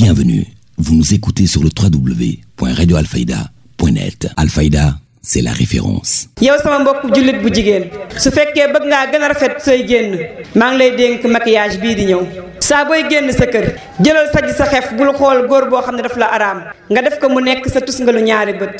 bienvenue. Vous nous écoutez sur le www.radioalfayda.net. Alfayda, c'est la référence. yow sama mbokk jullit bu jigéen su fekkee bëgg ngaa gën a rafet sooy génn maa ngi lay dénk maquillage bii di ñëw saa booy génn sa kër jëlal saj sa xef bul xool góor boo xam ne daf la araam nga def ko mu nekk sa tusngalu ñaari bët.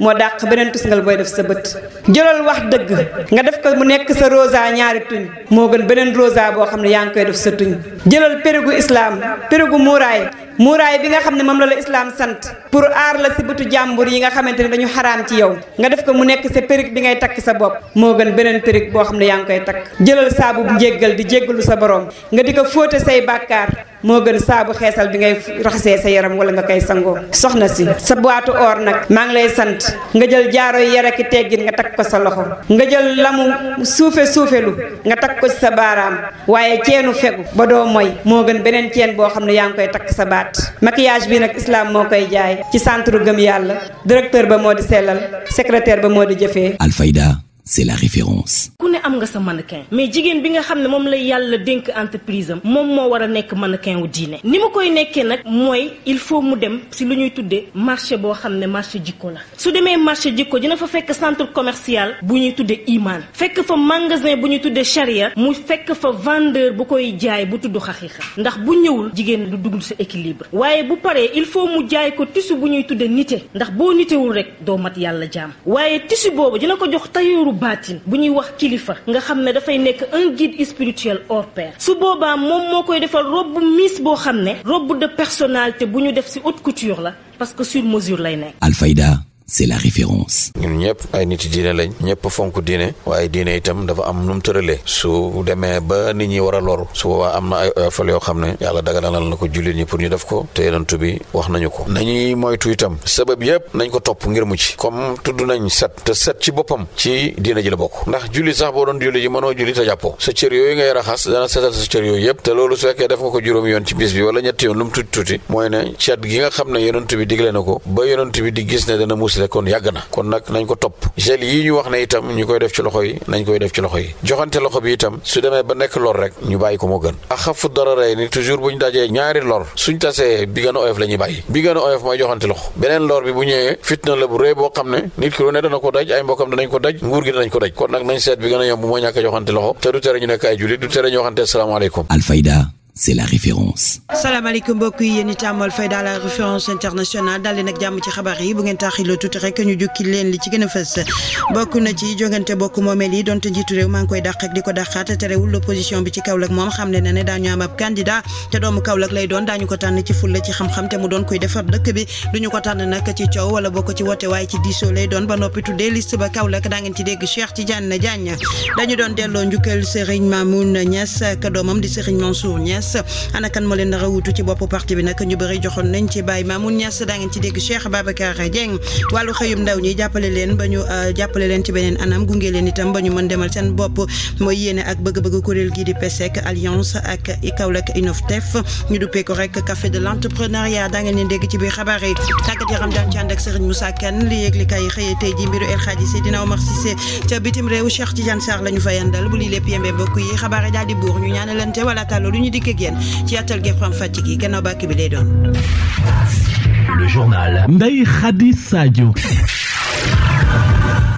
moo dàq beneen tusngal booy def sa bët jëlal wax dëgg nga def ko mu nekk sa rosa ñaari tuñ moo gën beneen rosa boo xam ne yaa ngi koy def sa tuñ jëlal pérugu islam pérugu muuraay muuraay bi nga xam ne moom la la islaam sant pour aar la si bëtu jàmbur yi nga xamante ne dañu xaraam ci yow nga def ko mu nekk sa périg bi ngay takk sa bopp moo gën beneen périg boo xam ne yaa ngi koy takk jëlal saabu njéggal di jéggalu sa borom nga di ko fóote say bàkkaar moo gën saabu xeesal bi ngay raxasee sa yaram wala nga koy sangoo soxna si sa boitu or nag maa ngi lay sant nga jël jaaro yara ki nga takk ko sa loxo nga jël lamu suufe suufelu nga takk ko ci sa baaraam waaye ceenu fegu ba doo mooy moo gën beneen ceen boo xam ne yaa ngi koy takk sa baat at bi nag islaam moo koy jaay ci centre gëm yàlla directeur ba moo di sellal secrétaire ba moo di jëfee Alfayda c'est la ku ne am nga sa mannequin mais jigéen bi nga xam ne moom la yàlla dénk entreprise am moom moo war a nekk mannequin wu diine ni mu koy nekkee nag mooy il faut mu dem si lu ñuy tuddee marché boo xam ne marché jikko la su demee marché jikko dina fa fekk centre commercial bu ñuy tuddee imaan fekk fa magasin bu ñuy tuddee charia mu fekk fa vendeur bu koy jaay bu tudd xaqiiqa ndax bu ñëwul jigéen du dugg sa équilibre waaye bu paree il faut mu jaay ko tissu bu ñuy tuddee nite ndax boo nitewul rek doo mat yàlla baatin bu ñuy wax kilifa nga xam ne dafay nekk un guide spirituel hors pair su boobaa moom moo koy defal robe miss boo xam ne robe de personnalité bu ñu def ci haute couture la parce que sur mesure lay nekk. Alfayda c'est la référence. ñun ñëpp ay nit diine lañ ñëpp fonk diine waaye diine itam dafa am nu tëralee su demee ba nit ñi war a loru su boobaa am na ay oyofal yoo xam ne yàlla la na ko jullit ñi pour ñu def ko te yonent bi wax nañu ko nañuy moytu yëpp nañ ko topp ngir mucc comme tudd nañ set te set ci boppam ci diine ji la bokk ndax julli sax boo doon julli ji mënoo julli te jàppoo sa cër yooyu ngay raxas dana setal sa cër yooyu yëpp te loolu su fekkee def nga ko juróomi yoon ci bis bi wala ñetti yoon la kon yàgg na kon nag nañ ko topp gel yi ñu wax ne itam ñu koy def ci loxo yi nañ koy def ci loxo yi joxante loxo bi itam su demee ba nekk lor rek ñu bàyyi ko moo gën axafu dara rey ni toujours bu ñu dajee ñaari lor suñ tasee bi gën a oyof la bàyyi bi gën a oyof mooy joxante loxo beneen lor bi bu ñëwee fitna la bu rëy boo xam ne nit ki lu ne dana ko daj ay mbokkam danañ ko daj nguur gi danañ ko daj kon nag nañ seet bi gën a yomb mooy ñàkk joxante loxo te du tere ñu nekk ay c'est la référence. salaamaaleykum mbokk yi yéen itam Al Fayda la référence internationale daal di nag jàmm ci xabaar yi bu ngeen taaxi la tuuti rek ñu jukki leen li ci gën a fës bokk na ci jongante bokk moomeel yi donte njiitu réew maa ngi koy dàq di ko dàqaat terewul l'opposition bi ci Kaolack moom xam ne na ne daañu am ab candidat te doomu Kaolack lay doon daañu ko tànn ci fulla ci xam-xam te mu doon koy defar dëkk bi duñu ko tànn nag ci coow wala bokk ci Niass ana kan ma leen nar a wuutu ci bopp parti bi nag ñu bëri joxoon nañ ci Baye Mamoun Niass daa ngeen ci dégg Cheikh Babacar Dieng wàllu xëyum ndaw ñi jàppale leen ba ñu euh, mën demal seen bopp mooy yéene ak bëgg-bëgg kuréel gii di PSEC alliance ak Kaolack Innovtef ñu duppee rek café de l'entrepreneuriat daa ngeen dégg ci biir xabaar yi tàggat daan ci ak Serigne Moussa li yëg li kay xëyee tey ji mbiru El Hadji Seydina Omar Cissé ca bitim réew Cheikh ak yéen ci yàttal gi xam fàcc bàkk bi lay doon. Le journal Ndeye Khady Sadio.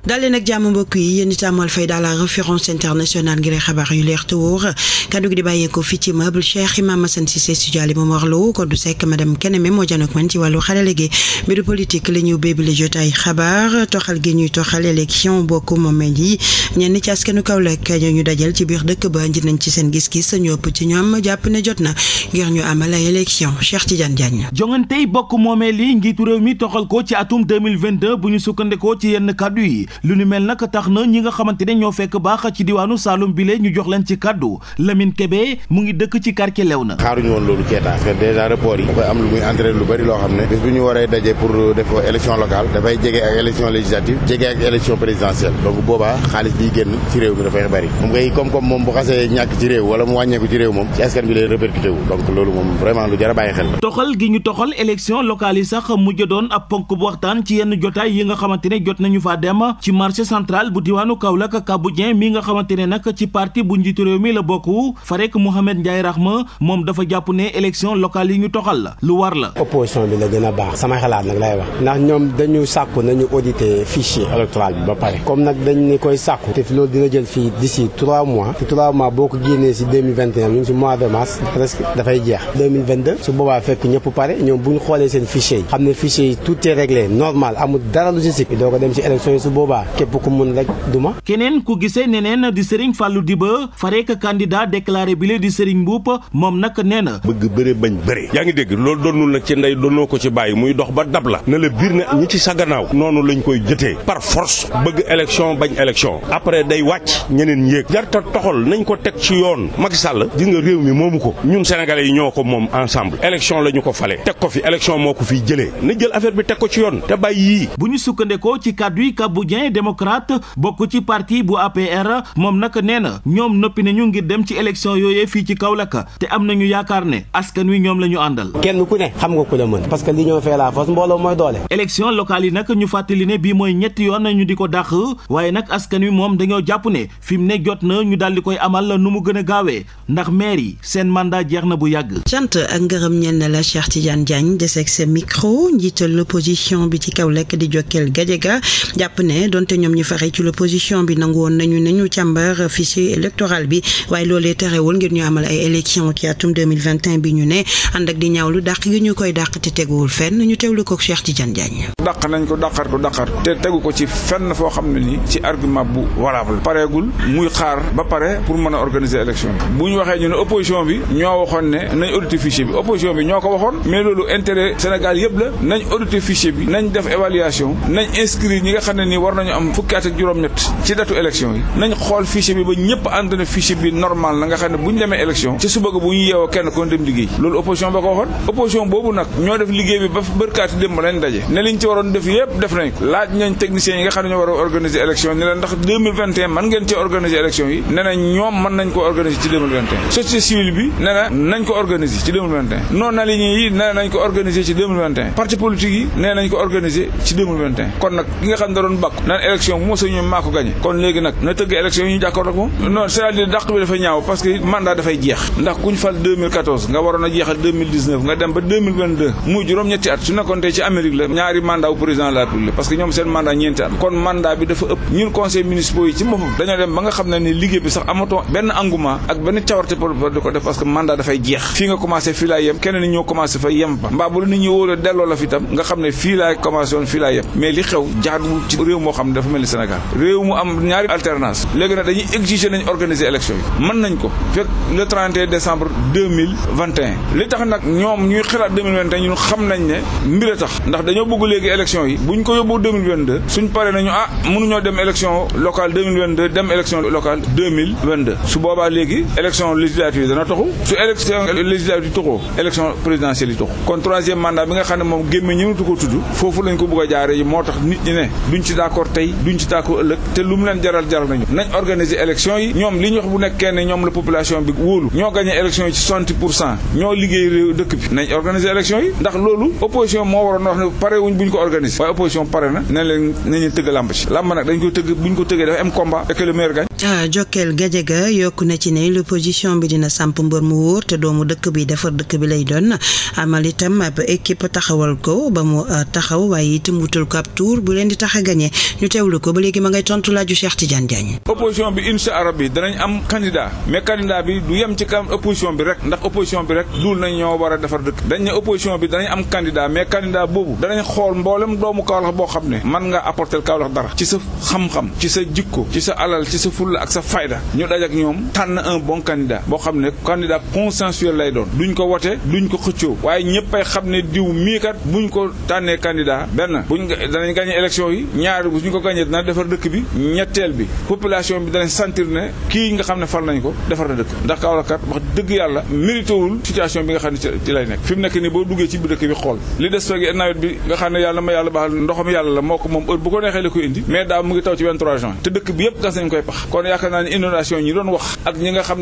dalee nag jàmm mbokk yi yéen fay Walfayda la référence internationale ngir xabaar yu leex te wóor kaddu gi di bàyyeekoo fii ci immeuble Cheikh Imam Assane Cissé studio Alima wax Lo ko du sekk madame Keneme moo janook man ci wàllu xarale gi mbiru politique la ñu bébi la jotaay xabaar toxal gi ñuy toxal élection bokk moomeel yi ñenn ci askanu Kaolack ñu dajal ci biir dëkk ba indi nañ ci seen gis-gis ñu ëpp ci ñoom jàpp ne jot na ngir ñu amal ay élection Cheikh Tidiane Diagne. jongante bokk moomeel yi njiitu réew mi toxal ko ci atum 2022 bu ñu sukkandikoo ci yenn kaddu yi lu ni mel nag tax na ñi nga xamante ne ñoo fekk baax ci diwaanu Saloum bile ñu jox leen ci kàddu Lamine mu ngi dëkk ci quartier Léona. xaaruñu woon loolu ci état parce am ne bis bu waree daje pour def élection locale dafay jege ak élection législative jege ak élection présidentielle donc boobaa xaalis biy génn ci réew mi dafay bari moom ngay koom-koom moom bu xasee ñàkk ci réew wala mu wàññeeku ci réew moom ci askan bi lay répercuté donc loolu moom vraiment a ci marché central bu diwaanu Kaolack Kabou Dieng mi nga xamante ne nag ci parti bu njiitu réew mi la bokk Farek Mouhamed Ndiaye Rahma moom dafa jàpp ne élection locale yi ñu toxal la lu war la. opposition bi la gën a baax sama xalaat nag lay wax ndax ñoom dañu sàkku nañu auditer fichier électoral bi ba pare comme nag dañ ni koy sàkku te loolu dina jël fii d'ici trois mois te trois mois boo ko génnee si deux mille vingt et un ñu ngi si mois de mars presque dafay jeex su boobaa fekk Touba képp ku mun rek duma keneen ku gisee neneen di Serigne Fallou Diba fareek candidat déclaré bi la di Serigne Mboup moom nag nee na bëgg bëre bañ bëre yaa ngi dégg loolu doonul nag ci ndey doonoo ko ci bàyyi muy dox ba dab la na la biir na ñi ci sa noonu lañ koy jëtee par force bëgg élection bañ élection après day wàcc ñeneen yéeg jarta toxal nañ ko teg ci yoon Macky Sall gis nga réew mi moomu ko ñun sénégalais yi ñoo ko moom ensemble élection la ko fale teg ko moo ko fiy jëlee na ko ci te bàyyi yii bu ñu sukkandekoo ci républicain démocrate bokk ci parti bu APR moom nag nee na ñoom noppi nañu ngir dem ci élection yooyee fii ci Kaolack te am ñu yaakaar ne askan wi ñoom la ñu àndal. kenn ku ne xam nga ku la mën. parce que li ñoo fee la fas mbooloo mooy doole. élection locale yi nag ñu fàttali ne bi mooy ñetti yoon nañu di ko dàq waaye nag askan wi moom dañoo jàpp ne fi mu ne jot na ñu daal di koy amal nu mu gën a gaawee ndax maire yi seen mandat jeex na bu yàgg. cant ak ngërëm ñeel na la Cheikh Tidiane Diagne des ak sa micro njiital l'opposition bi ci Kaolack di Jokal Gadiaga donte ñoom ñi fare ci l'opposition bi nangu woon nañu nañu càmbar fichier électoral bi waaye loolee terewul ngir ñu amal ay élection ci atum bi ñu ne ànd ak di ñaawlu dàq gi ñu koy dàq te teguwul fenn ñu teewlu ko Cheikh Tidiane Diagne dàq nañ ko dàqar ko dàqar te tegu ko ci fenn foo xam ne ni ci argument bu valable pareegul muy xaar ba pare pour mën a organiser élection bu ñu waxee ñu ne opposition bi ñoo waxoon ne nañ auditer fichier bi opposition bi ñoo ko waxoon mais loolu intérêt Sénégal yëpp la nañ auditer fichier bi nañ def évaluation nañ inscrire ñi nañu am fukki ak juróom-ñett ci datu élection yi nañ xool fichier bi ba ñëpp ànd na bi normal la nga xam ne bu ñu demee ci suba ga bu ñu yeewoo kenn kon dem liggéey loolu opposition ba ko waxoon opposition boobu nag ñoo def liggéey bi ba bërkaati dem ba lañ daje ne ci waroon def yëpp def nañ laaj nañ techniciens yi nga xam ne ñoo war a organiser élection ni ndax 2021 ngeen ci organiser élection yi ne na ko organiser ci parti politique nan élection bu mosa ñu maa ko kon léegi nag na tëgg élection yi ñu jàkkoor ak moom non cest à bi dafa ñaaw parce que mandat dafay jeex ndax kuñ fal nga waroon a jeexal nga dem ba muy juróom-ñetti at su nekkoon ci Amérique la ñaari mandat wu président de la parce que ñoom seen mandat ñeenti at kon mandat bi dafa ëpp ñun conseil municipaux yi ci boppam dañoo dem ba nga xam ne ni liggéey bi sax amatoo benn engouement ak benn cawarte pour xam ne dafa mel ni Sénégal réew mu am ñaari alternance léegi nag dañuy exiger nañ organiser élection yi mën nañ ko fekk le li tax nag ñoom ñuy xalaat 2021 ñun xam nañ ne mbir tax ndax dañoo bëgg léegi élection yi buñ ko yóbbu suñ paree nañu ah mënuñoo dem élection locale su boobaa léegi élection législative dana taxu su élection législative taxoo élection présidentielle yi taxu kon troisième mandat bi nga xam ne moom gémme ñëwatu ko tudd foofu lañ ko bëgg jaare d'accord tey duñ ci d'accord ëllëg te lu mu leen jaral jaral nañu nañ organiser élection yi ñoom li ñu wax bu nekkee ne ñoom la population bi wóolu ñoo gagné élection yi ci 60 pour cent ñoo liggéey réew dëkk bi nañ organiser élection yi ndax loolu opposition moo waroon wax ne pare wuñ buñ ko organiser waaye opposition pare dafa am combat et taxawal ko ba mu euh, taxaw waaye itam ko ab tour bu leen di tax a ñu teewlu ko ba léegi ma ngay tontu laaju Cheikh Tidiane Diagne. opposition bi incha allah bi danañ am candidat mais candidat bi du yem ci kam opposition bi rek ndax opposition bi rek duul nañ ñoo war a defar dëkk dañ ne opposition bi danañ am candidat mais candidat boobu danañ xool mboolem doomu Kaolack boo xam ne man nga apporter Kaolack dara ci sa xam-xam ci sa jikko ci sa alal ci sa fulla ak sa fayda ñu daj ak ñoom tànn un bon candidat boo xam ne candidat consensuel lay doon duñ ko wote duñ ko xëccoo waaye ñëpp ay xam ne diw mii kat buñ ko tànnee candidat benn buñ danañ gagné élection yi ñaari bu ñu ko gagné dina defar dëkk bi ñetteel bi population bi dana sentir ne kii nga xam ne fal nañ ko defar na dëkk ndax Kaolack wax dëgg yàlla méritewul situation bi nga xam ne ci lay nekk fi mu nekk nii boo duggee ci biir xool li des feeg nawet bi nga xam ne yàlla ma yàlla baaxal ndoxam yàlla la moo ko moom heure bu ko neexee la koy indi mais daaw mu ngi taw ci te dëkk bi yëpp gas nañ koy pax kon yaakaar naa ni ñi doon wax ak ñi nga xam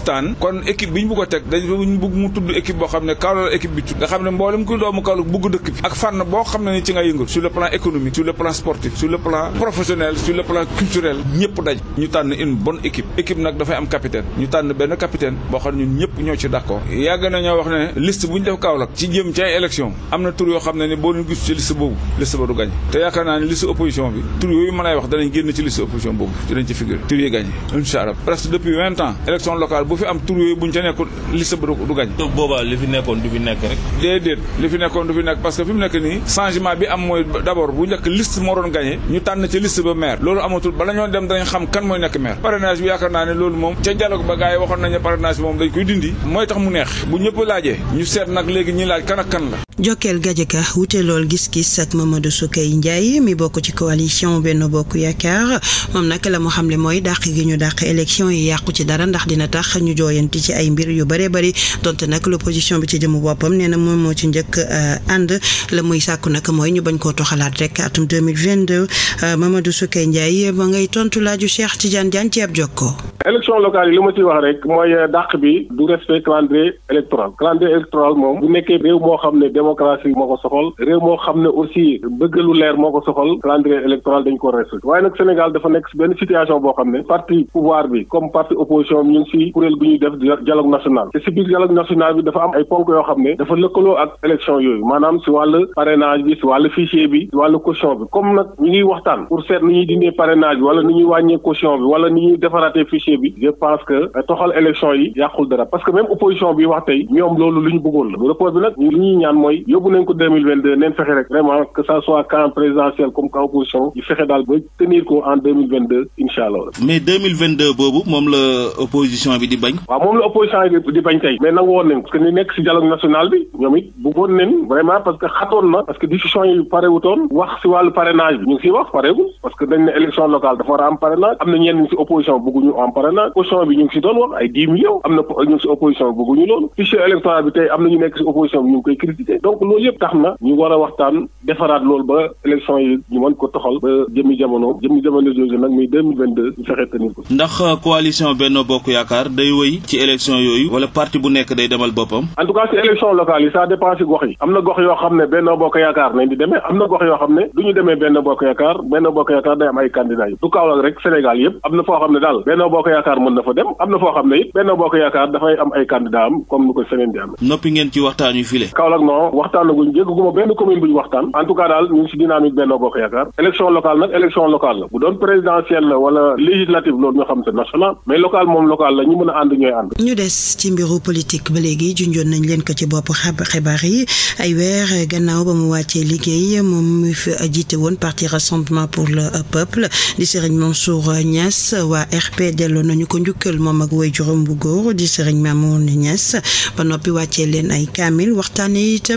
waxtaan kon équipe bi ñu bëgg a teg dañ ñu mu tudd équipe boo xam ne Kaolack équipe bi tudd nga xam ne mboolem kuy doomu Kaolack bëgg dëkk bi ak fànn boo xam ne ni ci nga yëngal sur le plan économique sur sportif sur le professionnel sur le plan culturel daj ñu tànn une bonne équipe équipe nag dafay am capitaine ñu tànn benn capitaine boo xam ne ñun ñëpp ñoo ci d'accord yàgg na wax ne liste bu ñu def ci jëm ci ay am na tur yoo xam ne bu fi am tur yooyu buñ ca nekkul liste ba du gañ boobaa li fi nekkoon du fi nekk rek déedéet li fi nekkoon du fi nekk parce que fi mu nekk nii changement bi am mooy d'abord bu njëkk liste moo doon ñu tànn ci liste ba maire loolu amatul bala ñoo dem danañ xam kan mooy nekk maire parrainage bi yaakaar naa ne loolu moom ca dialogue ba gars yi waxoon nañu parrainage bi moom dañ koy dindi mooy tax mu neex bu ñëpp laajee ñu seet nag léegi ñi laaj kan ak kan la Jokel Gadiaga wute lool gis-gis ak Mamadou Soukeye Ndiaye mi bokk ci coalition Benno Bokk Yaakaar moom nag la mu xamle mooy dàq gi ñu dàq élection yi yàqu ci dara ndax dina tax ñu jooyanti ci ay mbir yu bëree bëri donte nag l'opposition bi ci jëmu boppam nee na moom moo ci njëkk euh, ànd la muy sàkku nag mooy ñu bañ koo toxalaat rek atum 2022 euh, Mamadou Soukeye Ndiaye ma ngay tontu laaju Cheikh Tidiane Diagne ci ab jokkoo. élection locale yi li ma ciy wax rek mooy euh, dàq bi du respect calendrier démocratie moo ko soxal réew moo xam ne aussi bëgg lu leer moo ko soxal calendrier électoral dañ ko respecté waaye nag Sénégal dafa nekk benn situation boo xam ne parti pouvoir bi comme parti opposition bi ñu ngi si kuréel bu def dialogue national te si biir dialogue national bi dafa am ay ponk yoo xam ne dafa lëkkaloo ak élection yooyu maanaam si wàllu parrainage bi si wàllu fichier bi si wàllu caution bi comme nag ñu ngi waxtaan pour seet ni ñuy dindee parrainage yi yàqul dara parce que mooy nañ ko deux mille vingt deux neen fexe rek vraiment que ça soit camp présidentiel comme camp opposition yi fexe daal ba tenir ko en deux mille vingt deux incha allah. mais deux mille vingt deux boobu moom la opposition bi di bañ. waaw moom la opposition bi di bañ tey. mais nangu woon parce que ñu nekk si dialogue national bi ñoom it bëggoon nañ vraiment parce que xatoon na parce que décision yi parewutoon wax si wàllu parrainage bi ñu ngi donc loolu yëpp tax na ñu war a waxtaan defaraat loolu ba élection yi ñu mën ko toxal ba jëmi jamono jëmi jamono jooju nag muy deux mille vingt deux ñu fexe tenir ko. ndax euh, coalition Benno Bokk Yaakaar day wëy ci élection yooyu wala parti bu nekk day demal boppam. en tout cas ci élection locale yi ça dépend ci gox yi am na gox yoo xam ne Benno Bokk Yaakaar nañ di demee am na gox yoo xam ne du ñu demee Benno Bokk Yaakaar Benno Bokk Yaakaar day am ay candidats yi du Kaolack rek Sénégal yëpp am na foo xam ne daal Benno Bokk Yaakaar mën na fa dem am na foo xam ne it Benno Bokk Yaakaar dafay am ay candidats am comme ni ko seneen di amee. noppi ngeen ci waxtaan yu file. Kaolack non non waxtaanaguñ jégguma benn commune bu ñu waxtaan en tout cas daal ñu ngi si dynamique Benno Bokk Yaakaar élection locale nag élection locale bu doon présidentielle la wala législative loolu xam te national mais local moom local la ñu mën a ànd ñooy ànd. ñu des ci mbiru politique ba léegi junjoon nañ leen ko ci bopp xibaar yi ay weer gannaaw ba mu wàccee liggéey moom mu fi jiite woon parti rassemblement pour le peuple di Serigne Mansour Niass waa RP delloo nañu ko njukkal moom ak woy juróom bu góor di Serigne Mamour Niass ba noppi wàccee leen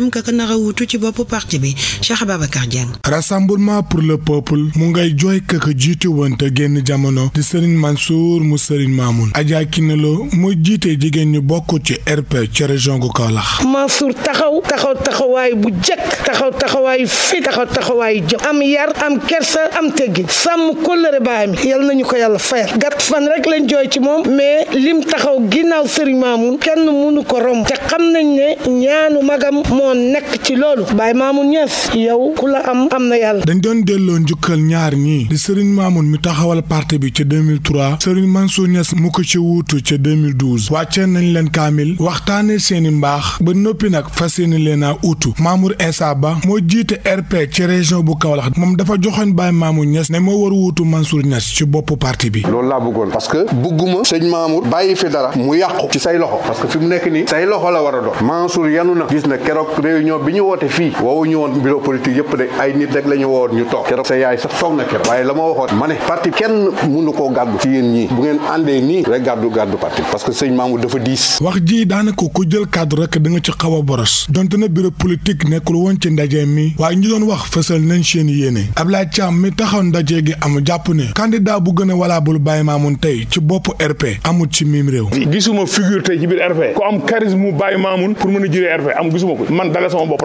itam kaka nara wutu ci bopp parti bi Cheikh Babacar Dieng. rassemblement pour le peuple mu ngay jooy kaka jiitu woon te génn jamono di Serigne Mansour mu Serigne Mamoun. Adja Kinelo jiite jigéen ñu bokk ci RP ci région gu Kaolack. Mansour taxaw taxaw taxawaay bu jëkk taxaw taxawaay fi taxaw taxawaay jëm am yar am kersa am teggin sàmm kóllëre baay mi yal nañu ko yàlla fayal gàtt fan rek lañ jooy ci moom mais lim taxaw ginnaaw Serigne Mamoun kenn mënu ko romb te xam nañ ne ñaanu magam moo mënoon nekk ci loolu Baye Mamoun Niass yow ku la am am na yàlla dañ doon delloo njukkal ñaar ñii di Serigne Mamoun mi taxawal parti bi ca 2003 Serigne Mansour Niass mu ko ci wuutu ca 2012 wàccee nañ leen kaamil waxtaanee seeni mbaax ba noppi nag fa yéene leen a uutu Mamour Essa Ba moo jiite RP ci région bu Kaolack moom dafa joxoon Baye Mamoun Niass ne moo war wuutu Mansour Niass ci boppu parti bi loolu laa bëggoon parce que bugguma sëñ Mamour bàyyi fi dara mu yàqu ci say loxo parce que fi nii say loxo la war a ñoom bi ñu woote fii woowu ñu woon bureau politique yëpp de ay nit rek la ñu woowoon ñu toog keroog sa yaay sax toog na keroog waaye la ma waxoon ma ne parti kenn mënu koo gàddu ci yéen ñii bu ngeen àndee nii rek gàddu gàddu parti parce que sëñ Mamour dafa diis wax ji daanaka ku jël cadre rek da nga ci xaw a boros donte na bureau politique nekkul woon ci ndaje mi waaye ñu doon wax fësal nañ seen yéene Ablaye Thiam mi taxaw ndaje gi am jàpp ne candidat bu gën a walaabul Baye Mamoun tey ci bopp RP amut ci miim réew gisuma figure tey ci biir RP ku am charisme Baye Mamoun mën a am gisuma ko man dalee sama bopp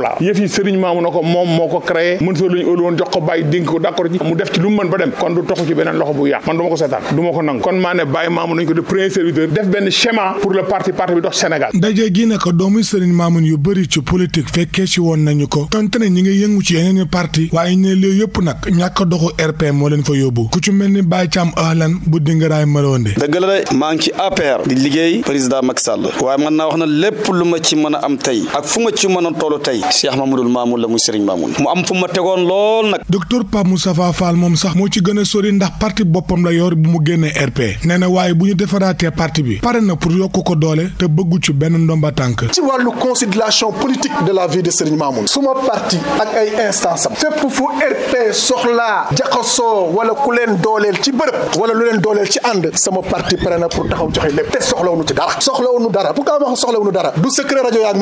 ko moo ko créé mën soo lu ñu ëlu woon ko bàyyi dénk ko d'accord ci mu def ci lu mu mën ba dem kon bu yàq doomu sëriñ maamun yu bëri ci politique fekkee si woon nañu ko tonte ne ñi ngi yëngu ci yeneen parti waaye ne loolu yëpp nag ñàkk doxu RP moo leen fa yóbbu ku ci mel ni Baye Thiam Ahlan bu dingaraay Malonde dëgg la de maa ngi ci APR di liggéey président Macky Sall waaye man naa wax na lépp lu ma ci mën a am tey ak fu ma ci mën a toll tey Cheikh Mamadul Mamoun la muy Serigne Mamoun mu am fu ma tegoon lool nag docteur Pape Moustapha Fall moom sax moo ci gën a sori ndax parti boppam la yor bu mu génnee RP nee na waaye bu ñu defaraatee parti bi pare na pour yokk ko doole te bëggu ci benn ndomba tànk ci wàllu considération politique de la vie de Serigne Mamoun suma parti ak ay instance am fépp fu RP soxlaa jaxasoo wala ku leen dooleel ci bërëb wala lu leen dooleel ci ànd sama parti pare na pour taxaw joxe lépp te soxlawunu ci dara soxlawunu dara bu kaa wax soxlawunu dara du secret rajo yaa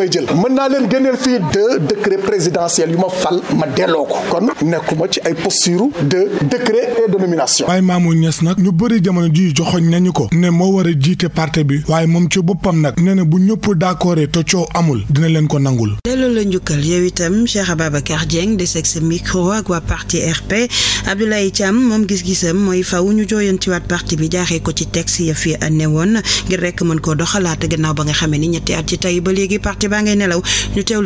refus de décret présidentiel yu ma fal ma delloo ko kon nekkuma ci ay posture de décret et de nag ñu bëri jamono jii joxoñ nañu ko ne moo war a jiite parti bi waaye moom ci boppam nag nee na bu ñëpp d'accord te coow amul dina leen ko nangul. delloo la njukkal yow itam Cheikh Ababacar Dieng de sexe micro ak waa parti RP Abdoulaye Thiam moom gis-gisam mooy faaw ñu jooyantiwaat parti bi jaaxee ko ci texte ya fi ne woon ngir rek mën koo doxalaat gannaaw ba nga xamee ni ñetti at ci tey ba léegi parti baa ngay nelaw ñu teewlu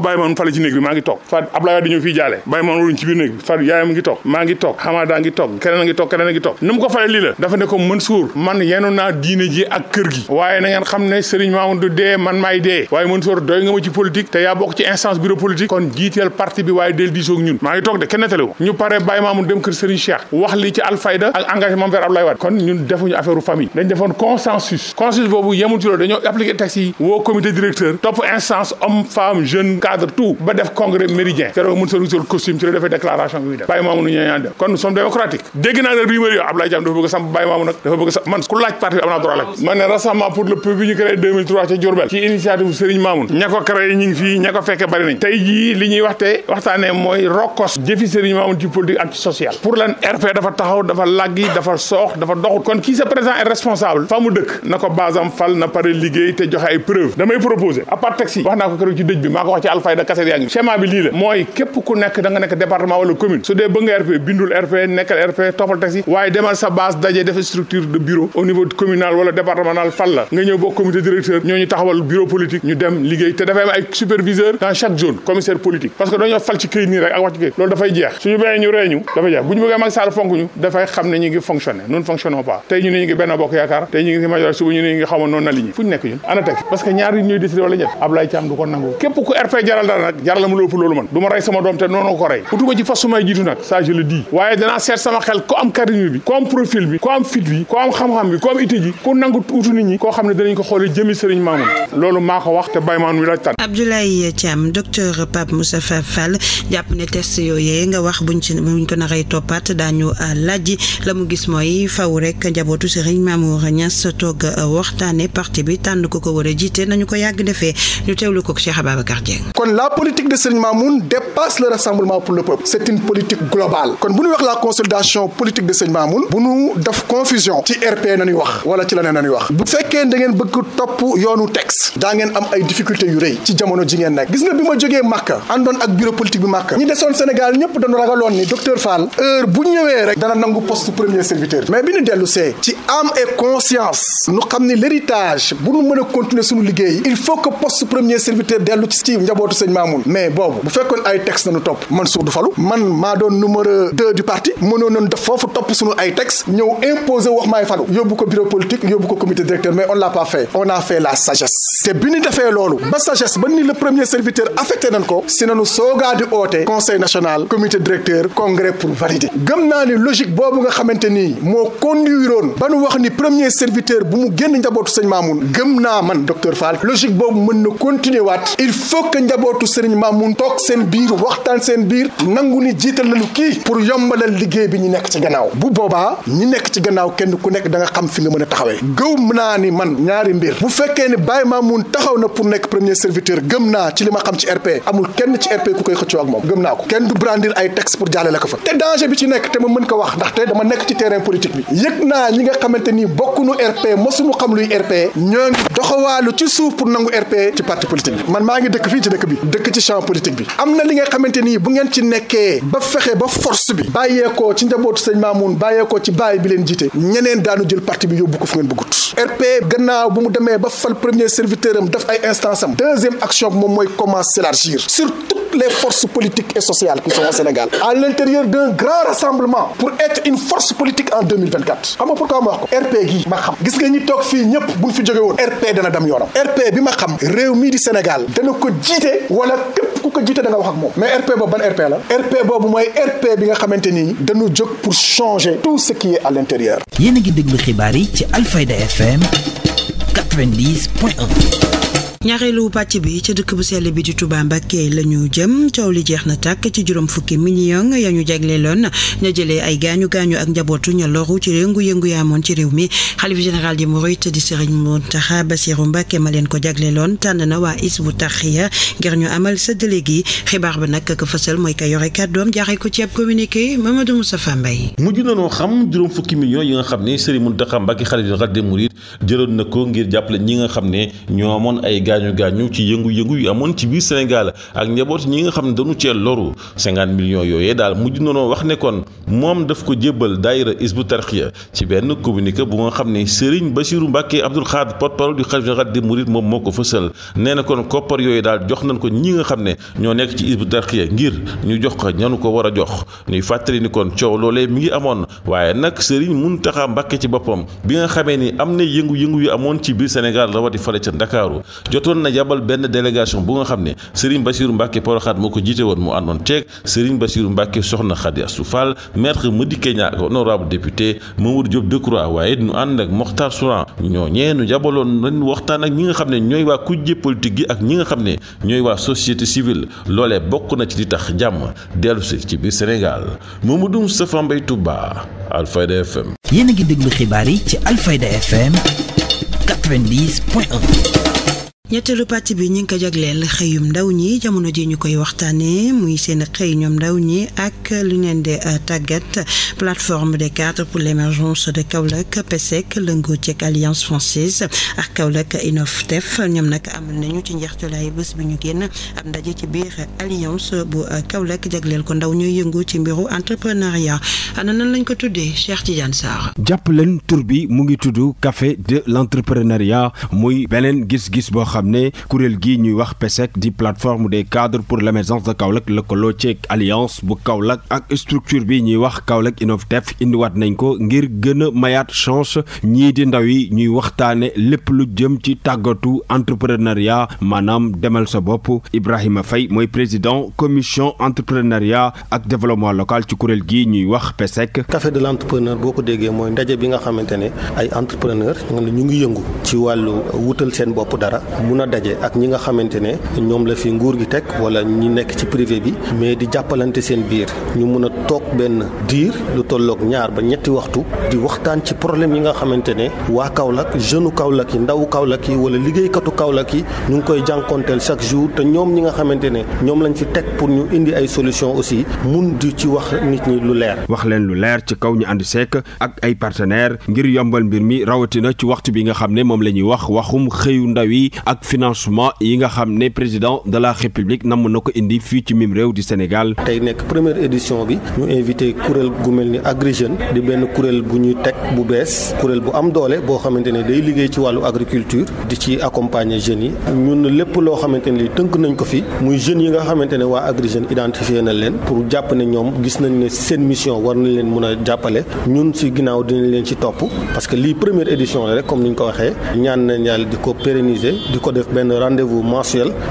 boobu bàyyi moon fale ci néeg maa ngi toog faat Ablaye Wade di ñëw fii jaale bàyyi moon ngi toog maa ngi toog Hamada ngi toog keneen a ngi toog keneen mu ko fale lii la dafa ne ko Mansour man yenu naa diine ji ak kër gi waaye na xam ne Serigne Mamoun du dee man maay dee waaye Mansour doy nga ma ci politique te yaa bokk ci instance bureau politique kon jiiteel parti bi waaye del diisoog ñun maa ngi toog de kenn nettali ñu pare Baye Mamoun dem kër Serigne Cheikh cadre tout ba def congrès méridien keroog mun solu costume ci la defee déclaration bi muy def bàyyi maamu nu ñooñaan def kon nous sommes dégg naa ne rumeur yoo Ablaye Diam dafa bëgg a samp bàyyi maamu nag dafa bëgg a samp man ku laaj parti bi am naa droit laaj ah, man ne pour le peuple bi ñu créé 2003 ca Diourbel ci initiative Serigne Mamoun ña ko créé ñu fii ña ko fekke bari nañ tey jii li ñuy waxte waxtaanee mooy rokkos jëfi Serigne Mamoun fullaal fayda kaset yaa ngi schéma bi lii la mooy képp ku nekk da nekk département wala commune su dee bëgg nga RP bindul RP nekkal RP toppal teg si waaye demal sa base dajee def structure de bureau au niveau communal wala départemental fan la nga ñëw bokk comité directeur ñooñu taxawal bureau politique ñu dem liggéey te dafay am ay superviseur dans chaque zone commissaire politique parce que dañoo fal ci këyit nii rek ak wax ci këyit loolu dafay jaral dara nag jaral ma lu ëpp loolu man du ma rey sama doom te noonu ko rey utuma ci fas sumay jiitu nag ça je le waaye danaa seet sama xel ko am charisme bi ko am ko am fit bi ko am xam-xam bi ko am ité koo xam ne danañ ko xoolee jëmi sëriñ loolu maa ko wax te bay maan wi la tànn Abdoulaye Thiam docteur Pape Moustapha Fall jàpp ne test yooyee nga wax buñ ci buñ ko naree toppaat daañu laaj la mu gis mooy faw rek njabootu sëriñ Mamour Niass toog waxtaane parti bi tànn ko ko war a jiite nañu ko yàgg defee ñu teewlu ko Cheikh Ababacar Dieng kon la politique de Serigne Mamoun dépasse le rassemblement pour le peuple c'est une politique globale kon bu ñu wax la consolidation politique de Serigne Mamoun bu ñu def confusion ci RP nañuy wax wala ci leneen nañuy wax bu fekkee da ngeen bëgg topp yoonu texte daa ngeen am ay difficultés yu rëy ci jamono ji ngeen nekk gis nga bi ma jógee Màkka àndoon ak bureau politique bi Màkka ñi desoon Sénégal ñëpp dañu ragaloon ni docteur Fall heure bu ñëwee rek dana nangu xam ni l'héritage bu ñu mën a continuer suñu liggéey il faut que poste premier serviteur dellu ci njabootu sëñ Mamoun mais boobu bu fekkoon ay texte nañu topp Mansour du falu man maa doon numéro deux du parti mënoon foofu topp suñu ay texte ñëw imposé wax maay falu yóbbu ko bureau politique yóbbu ko comité directeur mais on l'a pas on a fait la te bi ñu defee loolu ba sagesse ba ni le premier serviteur affecté nañ ko si nañu soogaa di oote conseil national comité directeur congrès pour valider gëm naa logique boobu nga xamante nii moo conduiroon ba nu bu mu génn njabootu sëñ Mamoun gëm naa man docteur Fall logique njabootu sëriñ Mamoune toog seen biir waxtaan seen biir nangu ni jiital lañu kii pour yombalal liggéey bi ñu nekk ci gannaaw bu boobaa ñi nekk ci gannaaw kenn ku nekk da nga xam fi nga mën a taxawee gëw naa ni man ñaari mbir bu na pour nekk premier serviteur gëm naa ci li ma xam RP amul kenn ci RP ku koy xëccoo ak moom gëm naa ko kenn du brandir ay texte pour jàllale ko fa te danger bi ci nekk te ma mën ko wax ndaxte dama nekk ci terrain politique bi yëg naa ñi nga xamante ni bokkunu RP mosuñu xam luy RP ñoo ngi doxawaalu ci suuf pour nangu RP ci parti dëkk bi ci champ politique bi am na li nga xamante nii bu ngeen ci nekkee ba fexe ba force bi bàyyeekoo ci njabootu sëñ Maamoun bàyyeekoo ci baay bi leen jiite ñeneen daanu jël parti bi yóbbu ko fu ngeen bëggut RP gannaaw bu mu demee ba fal premier serviteur am daf ay instance am deuxième action bi moom mooy commence s'élargir surtout les forces politiques et sociales qui sont au Sénégal à l'intérieur d'un grand rassemblement pour être une force en 2024 xam nga pourquoi ma wax ko RP gi ma xam gis nga ñi toog fii ñëpp buñ fi jóge woon RP dana dem yoonam RP bi ma xam réew mii di Sénégal jiite wala képp ku ko jiite da nga wax moom mais RP boobu ban RP la RP boobu mooy RP bi nga xamante ni dañu jog pour changer tout ce qui est à l'intérieur yéen a déglu xibaar yi ci Alfayda FM ñaareelu pàcc bi ca dëkk bu sell bi di tubaa Mbacké la ñu jëm coow li jeex na tàkk ci juróom fukki million ya ñu na ña jëlee ay gaañu gaañu ak njabootu ña loru ci yëngu-yëngu yaamoon ci réew mi xalif général di Mouride di Serigne Mountakha Bassirou Mbacké ma leen ko jagleeloon tànn na waa Hizbut Tarqiyyah ngir ñu amal séddale gi xibaar ba nag ka fësal mooy ka yore kàddoom ko ci ab communiqué Mamadou Moustapha Mbaye mujj na noo xam juróom fukki million yi nga xam ne Serigne Mountakha Mbacké xalif général di Mouride jëloon na ko ngir jàppale ñi nga xam ne ñoo amoon ay gaañu gaañu ci yëngu-yëngu yu amoon ci biir Sénégal ak njaboot ñi nga xam ne dañu cee loru 50 millions yooyee daal mujj noonu wax ne kon moom daf ko jébbal daayira Hizbut ya ci benn communiqué bu nga xam ne Serigne Bassirou Mbacké Abdoul Khadre porte-parole du Khalife général des Mourides moom moo ko fësal nee na kon koppar yooyu daal jox nañ ko ñi nga xam ne ñoo nekk ci Hizbut Tarqiyyah ngir ñu jox ko ñanu ko war a jox ñuy fàttali ni kon coow loole mi ngi amoon waaye nag Serigne Mountakha Mbacké ci boppam bi nga xamee ni am na yëngu-yëngu yu amoon ci biir Sénégal rawati jotoon na yabal benn délégation bu nga xam ne Serigne Bassirou Mbacke Porokhane moo ko jiite woon mu àndoon ceeg Serigne Bassirou Mbacke soxna su Assou Fall ma di Niang ak honorable député Mamadou Diop Decroix waaye ñu ànd ak Mokhtar Souran ñooñee ñeenu yabaloon nañ waxtaan ak ñi nga xam ne ñooy waa kujje politique gi ak ñi nga xam ne ñooy waa société civile loolee bokk na ci di tax jàmm dellu si ci biir Sénégal Mamadou Moustapha Mbaye Touba Alfayda FM. yéen a ngi xibaar yi ci Alfayda ñetteelu pàcc bi ñi ngi ko jagleel xëyum ndaw ñi jamono ji ñu koy waxtaanee muy seen xëy ñoom ndaw ñi ak lu leen di euh, tàggat plateforme de cadres pour l'émergence de Kaolack PESEC lëngoo ci alliance française ak Kaolack Innoftef ñoom nag amal nañu ci njeextalaay bés bi ñu génn am ndaje ci biir alliance bu euh, kawlek jagleel ko ndaw ñuy yëngu ci mbiru entrepreneuriat ana nan lañ ko tuddee Cheikh Tidiane Sarr. jàpp leen mu ngi tudd café beneen gis boo xam ne kuréel gi ñuy wax PESEC di plateforme des cadres pour l'émergence de Kaolack lëkkaloo ceeg alliance bu Kaolack ak structure bi ñuy wax Kaolack Innovtech indiwaat nañ ko ngir gën a mayaat chance ñii di ndaw yi ñuy waxtaane lépp lu jëm ci tàggatu entrepreneuriat maanaam demal sa bopp Ibrahima Faye mooy président commission entrepreneuriat ak développement local ci kuréel gi ñuy wax PESEC. café de l'entrepreneur boo ko déggee mooy ndaje bi nga xamante ne ay entrepreneur ñu ngi yëngu ci wàllu wutal seen bopp dara mun a daje ak ñi nga xamante ne ñoom la fi nguur gi teg wala ñi nekk ci privé bi mais di jàppalante seen biir ñu mun a toog benn diir lu tolloog ñaar ba ñetti waxtu di waxtaan ci problème yi nga xamante ne waa Kaolack jeune Kaolack yi ndawu Kaolack wala liggéeykatu Kaolack yi ñu ngi koy jànkonteel chaque jour te ñoom ñi nga xamante ne ñoom lañ fi teg pour ñu indi ay solution aussi mun du ci wax nit ñi lu leer. wax leen lu leer ci kaw ñu indi sekk ak ay partenaires ngir yombal mbir mi rawatina ci waxtu bi nga xam ne moom la ñuy wax waxum xëyu ndaw yi ak financement yi nga xam ne président de la république namm na ko indi fii ci mim réew di Sénégal. tey nekk première édition bi ñu invité kuréel gu mel ni Agri Jeunes di benn kuréel bu ñuy teg bu bees kuréel bu am doole boo xamante ne day liggéey ci wàllu agriculture di ci accompagner jeunes yi ñun lépp loo xamante ne li tënk nañ ko fi muy jeunes yi nga xamante ne waa Agri Jeunes identifié na leen pour jàpp ne ñoom gis nañ ne seen mission war nañ leen mën a jàppale ñun si ginnaaw dinañ leen ci topp parce que lii première édition la rek comme ni ñu ko waxee ñaan nañ yàlla di ko pérenniser di ko def benn rendez-vous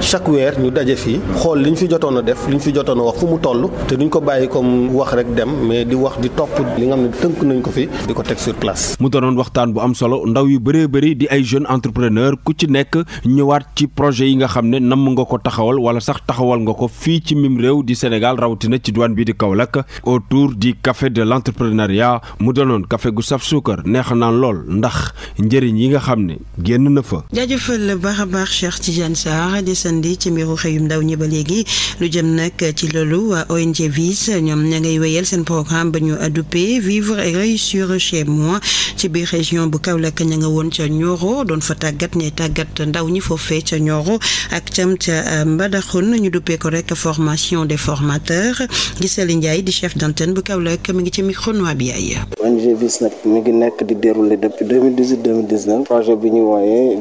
chaque weer ñu daje fii xool li ñu fi jotoon a def li ñu fi jotoon a wax fu mu toll te duñ ko bàyyi comme wax rek dem mais di wax di topp li nga xam ne tënk nañ ko fi di ko teg sur place. mu doonoon waxtaan bu am solo ndaw yu bëree bëri di ay jeunes entrepreneur ku ci nekk ñëwaat ci projet yi nga xam ne namm nga ko taxawal wala sax taxawal nga ko fii ci mim réew di Sénégal rawatina ci diwaan bii di Kaolack autour du café de l'entrepreneuriat mu doonoon café gu saf suukar neex naan lool ndax njëriñ yi nga xam ne génn na fa. baax a baax Cheikh Tidiane Sarr desandi ci mbiru xëyum ndaw ñi ba léegi lu jëm nag ci loolu waa ONG Vis ñoom ña ngay wéyal seen programme ba ñu adupe vivre et réussir chez moi ci biir région bu Kaolack ña nga woon ca Nioro doon fa tàggat ñay tàggat ndaw ñi foofee ca Nioro ak cam ca euh, Mbadakhoune ñu duppee ko rek formation des formateurs Gisali Ndiaye di chef d'antenne bu Kaolack mi ngi ci micro bi yaay. ONG Vis nag mi ngi nekk di dérouler depuis 2018 projet bi ñu wooyee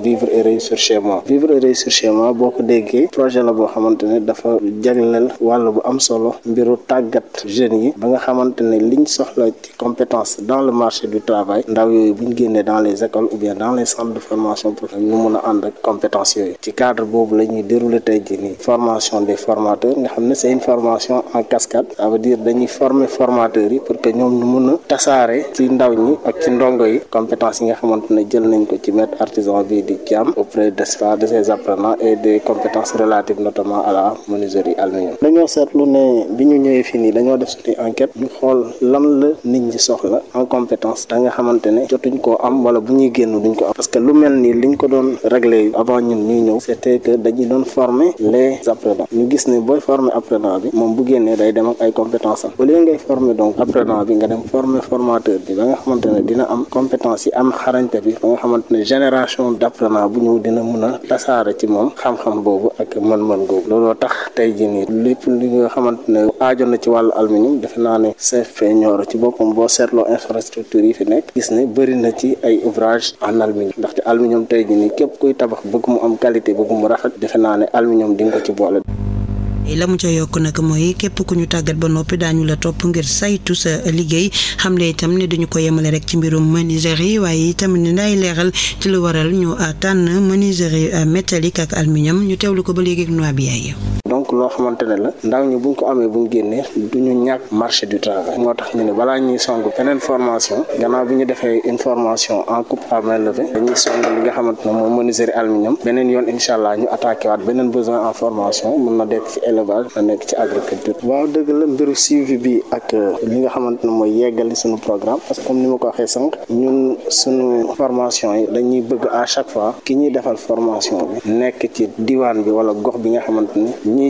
recherchement vivre recherchement boo ko déggee projet la boo xamante ne dafa jagleel wàll bu am solo mbiru tàggat jeunes yi ba nga xamante ne liñ soxla ci compétence dans le marché du travail ndaw yooyu buñ génnee dans les écoles ou bien dans les centres de formation pour ñu mun a ànd yooyu ci cadre boobu la ñuy dérouler tey jii nii formation des formateurs nga xam ne c'est une formation en cascade ça veut dire dañuy former formateurs yi pour que ñoom ñu mun a tasaare ci ndaw ñi ak ci ndongo yi compétence yi nga xamante ne jël nañ ko ci maître artisan bi di jaam auprès de l'apprentissage de ces apprenants et des compétences relatives notamment à la menuiserie aluminium dañoo seetlu ne bi ñu ñëwee fii nii dañoo def suñu enquête ñu xool lan la nit ñi soxla en compétence da nga jotuñ koo am wala bu ñuy génn duñ ko am parce que lu mel nii liñ ko doon réglé avant ñun ñuy ñëw c'était que dañuy doon former les apprenants ñu gis ne booy former apprenant bi moom bu génnee day dem ak ay compétences am au lieu ngay former donc apprenant bi ba tasaare ci moom xam-xam boobu ak mën-mën googu looloo tax tey jii nii lépp li nga xamante ne aajo na ci wàllu aluminium defe naa ne CFP Nioro ci boppam boo seetloo infrastructure yi fi nekk gis ne bëri na ci ay ouvrage en aluminium ndaxte aluminium tey jii nii képp kuy tabax bëgg mu am qualité bëgg mu rafet defe naa ne aluminium di nga ko ci boole la mu ca yokk nag mooy képp ku ñu tàggat ba noppi daañu la topp ngir saytu sa liggéey xamle itam ne duñu ko yemale rek ci mbirum menuiserie waaye itam ne day leeral ci lu waral ñu tànn menuiserie métallique ak aluminium ñu teewlu ko ba léegi ak noa bi yaay donc loo xamante ne la ndaw ñi buñ ko amee buñ génnee du ñu ñàkk marché du travail moo tax ñu ne balaa ñuy song beneen formation gannaaw bi ñu defee une formation en coupe à main levée dañuy song li nga xamante ne moom menuiserie aluminium beneen yoon incha allah ñu attaqué waat beneen besoin en formation mën na nekk ci élevage na nekk ci agriculture waaw dëgg la mbiru suivi bi ak euh, li nga xamante ne mooy yeggali suñu programme parce que comme ni ma ko waxee sànq ñun suñu formation yi dañuy bëgg à chaque fois ki ñuy defal formation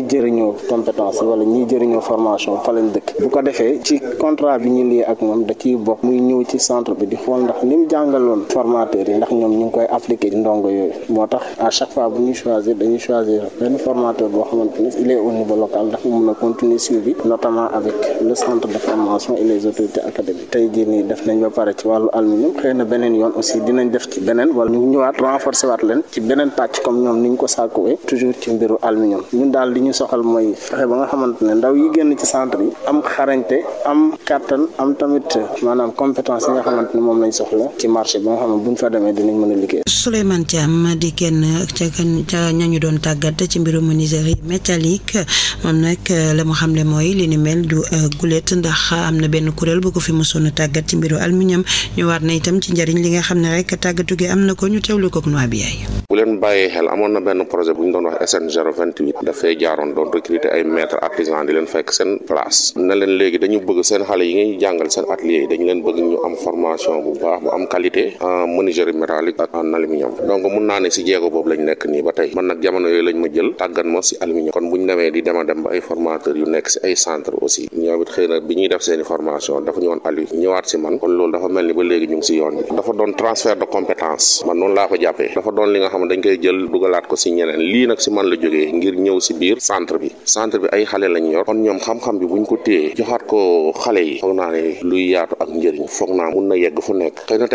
jëriñoo compétence wala ñiy jëriñoo formation fa lañ dëkk bu ko defee ci contrat bi ñu lii ak moom da ciy bokk muy ñëw ci centre bi di xool ndax li mu jàngaloon formateur yi ndax ñoom ñu ngi koy appliquer ndongo yooyu moo tax à chaque fois bu ñuy choisir dañuy choisir benn formateur boo xamante ni il est au niveau local ndax mu mun a continuer suivi notamment avec le centre de formation et les autorités académiques tey jii nii def nañ ba pare ci wàllu aluminium na beneen yoon aussi dinañ def ci beneen wala ñu ñëwaat renforcer waat leen ci beneen pàcc comme ñoom ni ñu ko sàkkuwee toujours ci mbiru aluminium ñun soxal mooy fexe ba nga xamante ne ndaw yi génn ci centre yi am xarañte am kàttan am tamit euh, maanaam compétence yi nga xamante ne moom lañ soxla ci marché ba nga xam ne buñ fa demee di mën a liggéey. Souleymane Thiam di kenn ca ña ca doon tàggat ci mbiru mbirum menuiserie métallique moom nag euh, la mu xamle mooy li ni mel du euh, gulet ndax am na benn kuréel bu ko fi mosoon a tàggat ci mbiru aluminium ñëwaat na itam ci njëriñ li nga xam ne rek tàggatu am na ko ñu teewlu ko na benn projet bu ñu doon maanaam doon recruter ay maître artisan di leen fekk seen place na leen léegi dañu bëgg seen xale yi ngay jàngal seen atelier yi dañu leen bëgg ñu am formation bu baax bu am qualité en menuiserie métallique ak en aluminium donc mun naa ne si jéego boobu lañ nekk nii ba tey man nag jamono yooyu lañ ma jël tàggat ma si aluminium kon buñ demee di dema dem ba ay formateurs yu nekk si ay centre aussi ñoom it xëy na bi ñuy def seeni formation dafa ñëwoon alu ñëwaat si man kon loolu dafa mel ni ba léegi ñu ngi si yoon dafa doon transfert de compétence man noonu laa ko jàppee dafa doon li nga koy jël dugalaat ko si ñeneen lii si man la jógee ngir ñëw si biir centre bi centre bi ay xale lañ yor kon ñoom xam-xam bi buñ ko téyee joxaat ko xale yi foog naa luy yaatu ak njëriñ foog naa mun na yegg fu nekk xëy nga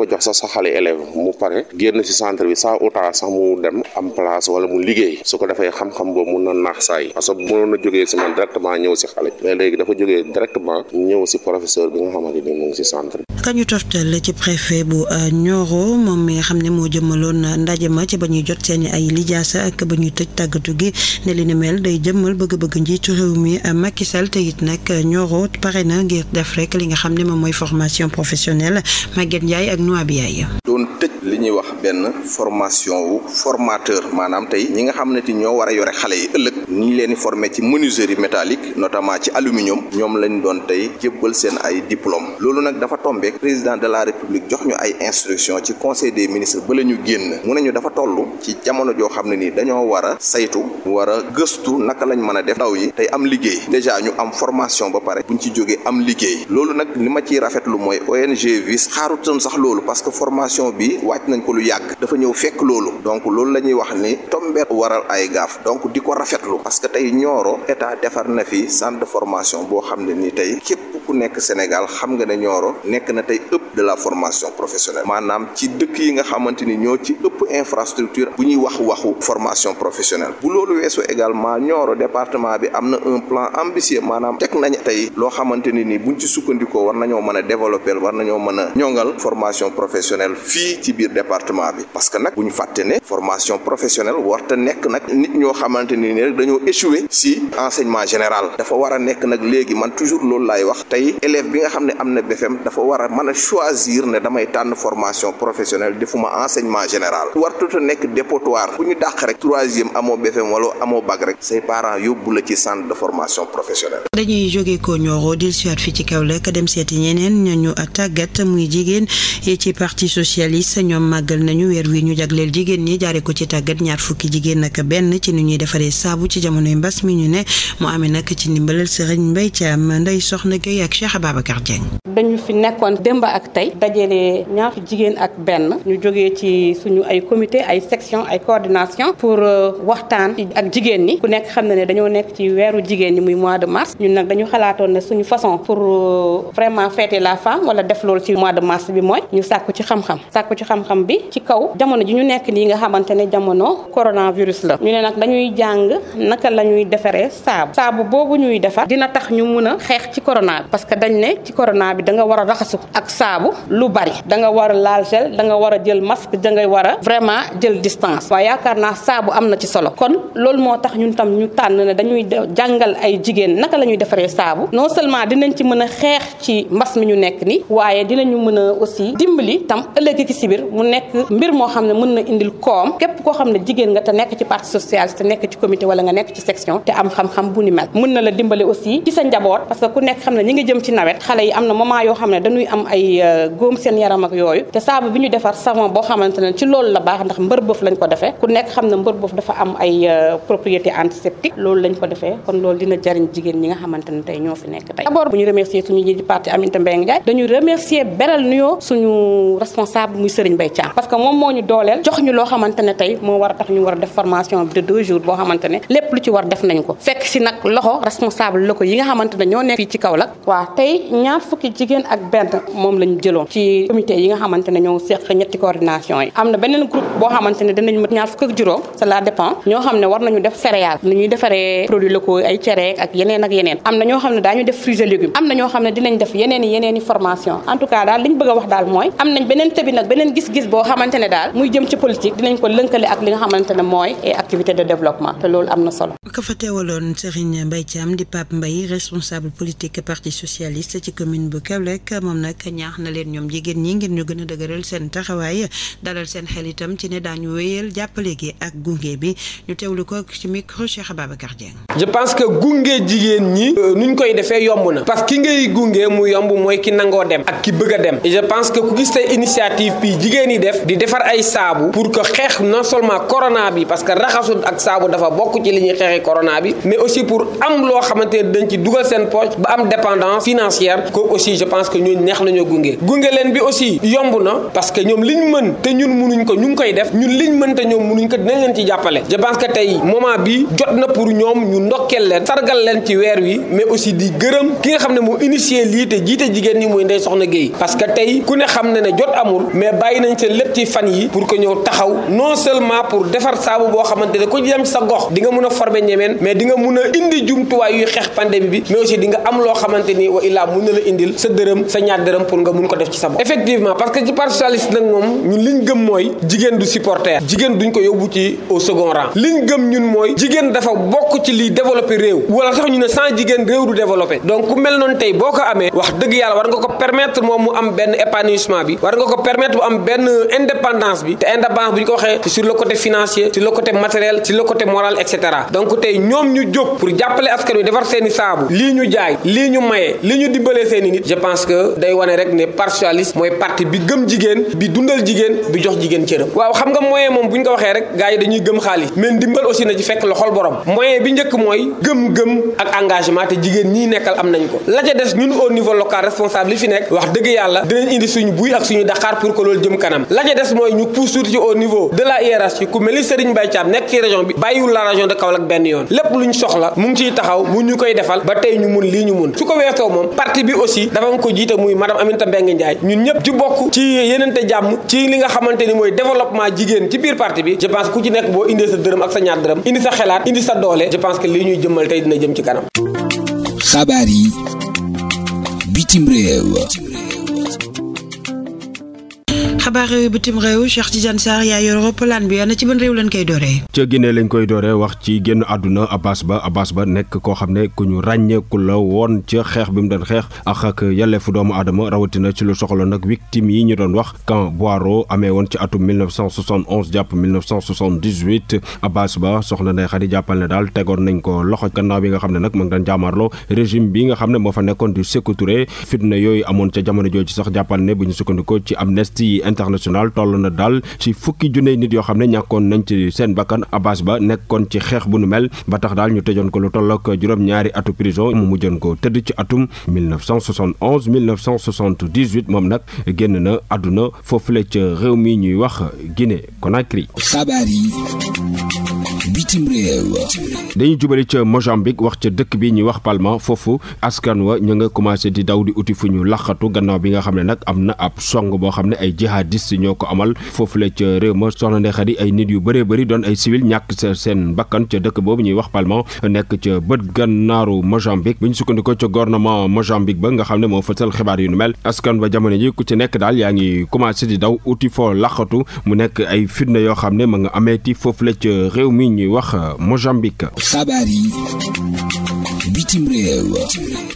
ko jox sax xale élève mu pare génn si centre bi saa utaa sax mu dem am place wala mu liggéey su ko defee xam-xam boobu mun na naax saa yi parce que mënoon si man directement ñëw si xale mais léegi dafa jógee directement ñëw si professeur bi nga xamante ni mu ngi si centre bi kañu toftal ci préfet bu euh, mel day jëmmal bëgg-bëgg njiitu réew mi euh, Macky Sall te it nag ñoro euh, pare na ngir def rek li nga xam ne moom mooy formation professionnelle Maguette Ndiaye ak Noa Biaye. doon tëj li ñuy wax benn formation wu formateur maanaam tey ñi nga xam ne ti ñoo war a yore xale yi ëllëg ñu ngi leen di formé ci menuiserie métallique notamment ci aluminium ñoom lañ doon tey jébbal seen ay diplôme loolu nag dafa tombé président de la république jox ñu ay instruction ci conseil des ministres ba la ñu génn mu ne dafa toll ci jamono joo xam ne ni dañoo war a saytu gëstu naka lañ mën a def ndaw yi tey am liggéey déjà ñu am formation ba pare ñu ci jógee am liggéey loolu nag li ma ciy rafetlu mooy ONG VIS xaarutoon sax loolu parce que formation bi wàcc nañ ko lu yàgg dafa ñëw fekk loolu donc loolu la ñuy wax ni tomber waral ay gaaf donc di ko rafetlu parce que tey Nioro état defar na fi sant formation boo xam ne ni tey képp ku nekk Sénégal xam nga ne Nioro nekk na tey ëpp de la formation professionnelle maanaam ci dëkk yi nga xamante ni ñoo ci ëpp infrastructure bu ñuy wax waxu formation professionnelle département Nioro département bi am na un plan ambitieux maanaam tek nañ tey loo xamante ni nii buñ ci sukkandikoo war nañoo mën a développer war nañoo mën a ñongal formation professionnelle fii ci biir département bi parce que nag bu ñu fàtte ne formation professionnelle warta nekk nag nit ñoo xamante ni nii rek dañoo échoué si enseignement général dafa war a nekk nag léegi man toujours loolu laay wax tey élève bi nga xam ne am na BFEM dafa war a mën a choisir ne damay tànn formation professionnelle defuma enseignement général wartuta nekk dépotoir bu ñu dàq rek troisième amoo BFEM wala amoo bac say parents yóbbu la ci centre de formation professionnelle. dañuy jóge ko Nioro di siwaat fii ci Kaolack dem seeti ñeneen nañu ñu tàggat muy jigéen ci parti socialiste ñoom màggal nañu weer wi ñu jagleel jigéen ñi jaare ko ci tàggat ñaar fukki jigéen ak benn ci nu ñuy defaree saabu ci jamonoy mbas mi ñu ne mu amee nag ci ndimbalal Serigne Mbaye Thiam Ndeye Soxna Gueye ak Cheikh Ababacar Dieng. dañu fi nekkoon démb ak tey dajale ñaar jigéen ak benn ñu jógee ci suñu ay comité ay section ay coordination pour euh, waxtaan ak jigéen ñi. nekk xam na ne dañoo nekk ci weeru jigéen ñi muy mois de mars ñu nag dañu xalaatoon ne suñu façon pour euh, vraiment fêter la femme wala def lool ci mois de mars bi mooy ñu sàkku ci xam-xam sàkku ci xam-xam bi ci kaw jamono ji ñu nekk nii nga xamante ne jamono coronavirus la ñu ne nag dañuy jàng naka la ñuy defaree saabu saabu boobu ñuy defar dina tax ñu mun a xeex ci corona bi parce que dañ ne ci corona bi danga war a raxasu ak saabu lu bari da nga war a laal da nga war a jël masque da nga war a vraiment jël distance waaye yaakaar naa saabu am na ci solo ñun tam ñu tànn ne dañuy jàngal ay jigéen naka la ñuy defaree saabu non seulement dinañ ci mën a xeex ci mbas mi ñu nekk ni waaye dinañu mën a aussi dimbali tam ëllëg ci si mu nekk mbir moo xam ne mën na indil koom képp koo xam ne jigéen nga te nekk ci parti socialiste te nekk ci comité wala nga nekk ci section te am xam-xam bu ni mel mën na la dimbali aussi ci sa njaboot parce que ku nekk xam ne ñi ngi jëm ci nawet xale yi am na moment yoo xam ne dañuy am ay euh, góom seen yaram ak bi ñu defar savon boo xamante ne ci loolu la baax ndax mbër bëf lañ ko defee ku antiseptique loolu lañ ko defee kon loolu dina jariñ jigéen ñi nga xamante tey ñoo fi nekk tey d'abord bu ñu remercier suñu ji di parti Aminata Mbengue Ndiaye dañu tey moo war a tax ñu war a def formation bi de deux jours boo xamante lépp lu ci war def nañ ko fekk si nag loxo responsable la yi nga xamante ñoo nekk fii ci Kaolack waaw tey ñaar fukki jigéen ak benn moom lañu jëloon ci comité yi nga xamante ne ñoo seq ñetti coordination Sénégal nu ñuy defaree produits locaux ay cereek ak yeneen ak yeneen am na ñoo xam ne daañu def fruits et am na ñoo xam ne dinañ def yeneen i yeneen i formation en daal li ñu bëgg a wax daal mooy am nañ beneen tëbi nag beneen gis-gis boo xamante ne daal muy jëm ci politique dinañ ko lënkale ak li nga xamante ne mooy activité de développement te loolu am na solo ka fa teewaloon Serigne Mbaye Thiam di Pape Mbaye responsable politique parti socialiste ci commune micro Cheikh Ababacar Dieng. je pense que gunge jigéen ñi. Euh, nuñ koy defee yomb na. parce que ki ngay gunge mu yomb mooy ki nangoo dem. ak ki bëgg a dem. et je pense que ku gis tey initiative bi jigéen yi def. di defar ay saabu. pour que xeex non seulement corona bi parce que raxasu ak saabu dafa bokk ci li ñuy xeexee corona bi. mais aussi pour am loo xamante ne dañ ci dugal seen poche ba am dépendance financière. kooku aussi je pense que ñooñu neex nañoo gunge. gunge leen bi aussi yomb na. parce que ñoom liñ mën te ñun mënuñ ko ñu ngi koy def ñun liñ mën te ñoom mënuñ ko dinañ leen ci jàppale. je jot na pour ñoom ñu ndokkeel leen sargal leen ci weer wi mais aussi di gërëm ki nga xam ne moo initié lii te jiite jigéen ñi muy Ndeye Soxna Guèye parce que tey ku ne xam ne ne jot amul mais bàyyi nañ seen lépp ci fan yi pour que ñëw taxaw non seulement pour defar saabu boo xamante ne ku dem sa gox di nga mun a former ñemeen mais di nga mun a indi jumtuwaay yuy xeex pandémie bi mais aussi di am loo xamante ni wa illaa mun na la indil sa dërëm sa ñaar dërëm pour nga mun ko def ci sa bopp effectivement que ci parti nag moom ñun liñ gëm mooy jigéen du supporter jigéen duñ ko yóbbu ci au second rang liñ gëm ñun jigéen dafa bokk ci liy développé réew wala sax ñu ne sans jigéen réew du développé donc ku mel noonu tey boo ko amee wax dëgg yàlla war nga ko permettre moom mu am benn épanouissement bi war nga ko permettre mu am benn indépendance bi te indépendance bu ñu ko waxee sur le côté financier sur le côté matériel sur le côté moral et cetera donc tey ñoom ñu jóg pour jàppale askan wi defar seeni saabu lii ñu jaay lii ñu maye lii ñu dimbalee seeni nit je pense que day wane rek ne partialiste mooy parti bi gëm jigéen bi dundal jigéen bi jox jigéen cëram waaw xam nga moyen moom bu ko waxee rek suñu borom moyen bi njëkk mooy gëm-gëm ak engagement te jigéen ñi nekkal am nañ ko la ca des ñun au niveau local responsable li fi nekk wax dëgg yàlla de indi suñu buy ak suñu daqaar pour que loolu jëm kanam la ca des mooy ñu pousse tuuti ci au niveau de la hiérarchie ku mel ni Serigne Mbaye Thiam nekk ci région bi bàyyiwul la région de Kaolack benn yoon lépp luñ soxla mu ngi ciy taxaw mu ñu koy defal ba tey ñu mun lii ñu mun su ko weesoo moom parti bi aussi dafa nga ko jiite muy madame Aminata Mbengue Ndiaye ñun ñëpp di bokk ci yenente jàmm ci li nga xamante ni mooy développement jigéen ci biir parti bi je pense ku ci ak sa ñaar dërëm indi sa indi sa doole je pense que li ñuy jëmal tey dina jëm ci kanam. xabaar yi bitim réew. xabaar bitim réew Cheikh Tidiane Sarr yaa yor roppalaan bi ana ci ban réew lañ koy dooree. ca Guinée lañ koy dooree wax ci génn àdduna Abbas Ba Abbas Ba nekk koo xam ne ku ñu ràññeeku la woon ca xeex bi mu doon xeex ak ak yelleefu doomu aadama rawatina ci lu soxla nag victime yi ñu doon wax camp Boiro amee woon ci atum 1971 jàpp 1978 Abbas Ba soxna Ndeye Khady jàppal ne daal tegoon nañ ko loxo gannaaw bi nga xam ne nag mu ngi doon jaamarloo régime bi nga xam ne moo fa nekkoon di Sékou yooyu amoon ca jamono sax jàppal ne bu ñu sukkandikoo ci Amnesty international toll na daal ci fukki junne nit yoo xam ne ñàkkoon nañ ci seen bakkan Abbas Ba nekkoon ci xeex bu nu mel ba tax daal ñu tëjoon ko lu toll ak juróom-ñaari atu prison mu mujjoon ko tëdd ci atum moom nag génn na àdduna foofule ca réew mi ñuy wax Guinée Conakry. xabaar yi. bitim réew dañuy jubali ca Mozambique wax ca dëkk bi ñuy wax Palma foofu askan wa ñu nga commencé di daw di uti fu ñu laxatu gannaaw bi nga xam ne nag am na ab song boo xam ne ay jihadiste ñoo ko amal foofu la ca réew ma soxna Ndeye ay nit yu bëree bëri doon ay civil ñàkk sa seen bakkan ca dëkk boobu ñuy wax Palma nekk ca bët gannaaru Mozambique bu ñu sukkandikoo ca gouvernement Mozambique ba nga xam ne moo fësal xibaar yu nu mel askan ba jamono ji ku ci nekk daal ngi commencé di daw uti foo laxatu mu nekk ay fitna yoo xam ne ma nga ameeti foofu la ca ñuy wax euh, Mozambique. xabaar yi. bitim réew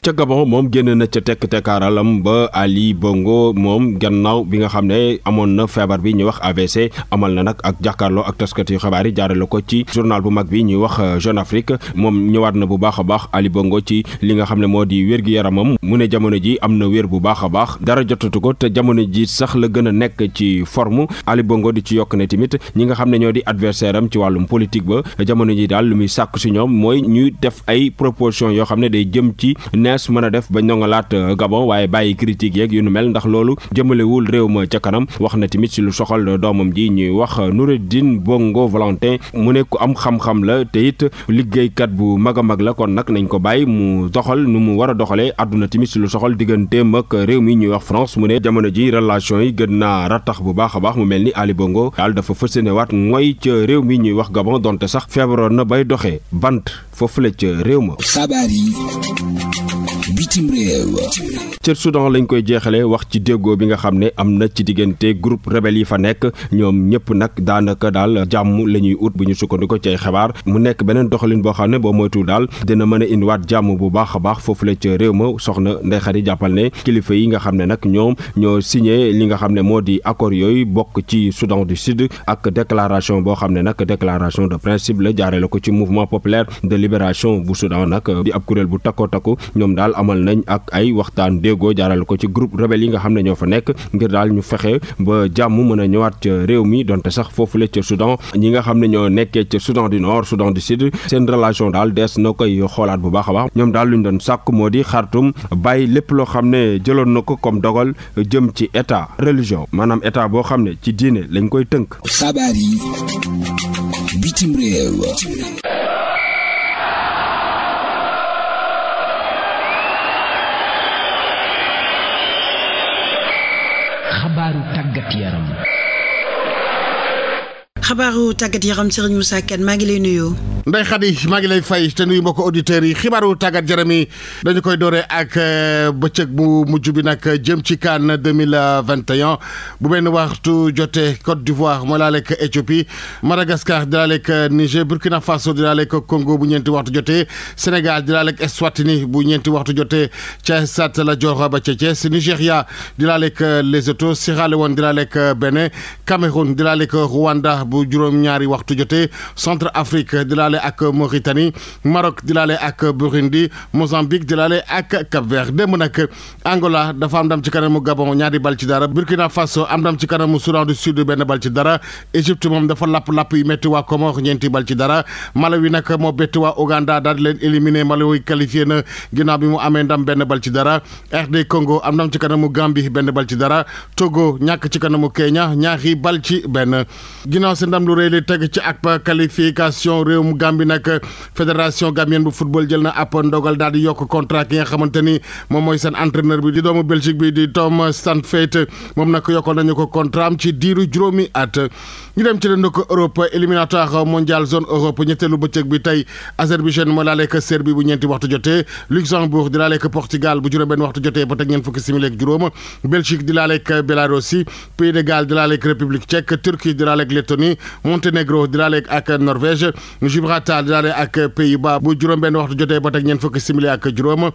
ca Gabon moom génn na ca tekk tekkaaralam ba Ali Bongo moom gannaaw bi nga xam ne amoon na feebar bi ñuy wax AVC amal na nag ak jàkkaarloo ak taskati xabaar yi jaarale ko ci journal bu mag bi ñuy wax euh, Jeune Afrique moom ñëwaat na bu baax a baax Ali Bongo ci li nga xam ne moo di wér gi yaramam mu ne jamono ji am na wér bu baax a baax dara jotatu ko te jamono ji sax la gën a nekk ci forme Ali Bongo di ci yokk ne tamit ñi nga xam ne ñoo di adversaire am ci wàllum politique ba jamono ji daal lu muy sàkk si ñoom mooy ñuy def ay proposition proposition yoo xam ne day jëm ci nees mën a def ba ñoŋalaat euh, Gabon waaye bàyyi critique yeeg yu nu mel ndax loolu jëmalewul réew ma ca kanam wax na tamit si lu soxal doomam ji ñuy wax Noureddine Bongo Valentin mu ne ku am xam-xam la te it liggéeykat bu mag a mag la kon nag nañ ko bàyyi mu doxal nu mu war a doxalee àdduna tamit si lu soxal digganteem ak réew mi ñuy wax France mu ne jamono ji relation yi gën naa rattax bu baax a baax mu mel ni Ali Bongo daal dafa fësene waat mooy ca réew mi ñuy wax Gabon donte sax feebaroon na bay doxee bant foofu la ca réew ma. bitim réew ca Soudan lañ koy jeexale wax ci déggoo bi nga xam ne am na ci diggante groupe rebelle yi fa nekk ñoom ñëpp nag daanaka daal jàmm la ñuy ut bu ñu sukkandiku ci xabaar mu nekk beneen doxalin boo xam ne boo moytu daal dina mën a indiwaat jàmm bu baax a baax foofu la ca réew ma soxna Ndeye Khady jàppal ne kilifa yi nga xam ne nag ñoom ñoo signé li nga xam ne moo di accord yooyu bokk ci Soudan du Sud ak déclaration boo xam ne nag déclaration de principe la jaaree ko ci mouvement populaire de libération bu Soudan kuréel bu takko takku amal nañ ak ay waxtaan déggoo jaaral ko ci groupe rebelle yi nga xam ne ñoo fa nekk ngir daal ñu fexe ba jàmm mën a ñëwaat ca réew mi donte sax foofu foofule ca Soudan ñi nga xam ne ñoo nekkee ca Soudan du Nord Soudan du Sud seen relation daal dees na koy xoolaat bu baax a baax ñoom daal lu ñu doon sàkk moo di Khartoum bàyyi lépp loo xam ne jëloon na ko comme dogal jëm ci état religion maanaam état boo xam ne ci diine lañ koy tënk. xabaar yi xabaaru tàggat yaram Serigne Moussa Kane maa ngi lay nuyoo. Ndeye Khady maa ngi lay fay te nuyu mbokk auditeurs yi xibaaru tàggat yaram yi dañu koy dooree ak euh, bëccëg bu mujj bi nag jëm ci CAN 2021 bu benn waxtu jotee Côte d'Ivoire mooy laaleeg Éthiopie Madagascar di laaleeg Niger Burkina Faso di laaleeg Congo bu ñeenti waxtu jotee Sénégal di laaleeg Eswatini bu ñeenti waxtu jotee ca sat la Dior ba ca Thiès Nigéria di laaleeg Lesotho Sierra Leone di laaleeg Bénin Cameroun di laaleeg Rwanda. bu juróom-ñaari waxtu jotee centre Afrique di laale ak Mauritanie Maroc di laale ak Burundi Mozambique di laale ak Cap Vert démb nag Angola dafa am ndam ci kanamu Gabon ñaari bal ci dara Burkina Faso am ndam ci kanamu Soudan du Sud benn bal ci dara Égypte moom dafa lapp-lapp yu métti waa Comores ñeenti bal ci dara Malawi nag moo bett waa Ouganda daal di leen éliminé Malawi qualifié na ginnaaw bi mu amee ndam benn bal ci dara RD Congo am ndam ci kanamu Gambie benn bal ci dara Togo ñàkk ci kanamu Kenya ñaari bal ci benn ndam lu rëy li teg ci ak qualification réewum Gambie nag fédération gambienne bu football jël na ab ndogal daal di yokk contrat ki nga xamante ni moom mooy seen entraîneur bi di doomu Belgique bi di Tom Saintfiet moom nag yokkoon nañu ko contrat am ci diiru juróomi at ñu dem ci dënd ko Europe éliminatoire mondial zone Europe ñetteelu bëccëg bi tey Azerbaïdjan moo laaleeg Serbie bu ñeenti waxtu jotee Luxembourg di laaleeg Portugal bu juróom benn waxtu jotee ba teg ñeent fukki simili Slovénie Monténégro di daale ak Norvège Gibraltar di daale ak Pays-Bas bu juróom benn waxtu jotee ba teg ñeent fukki simili ak juróom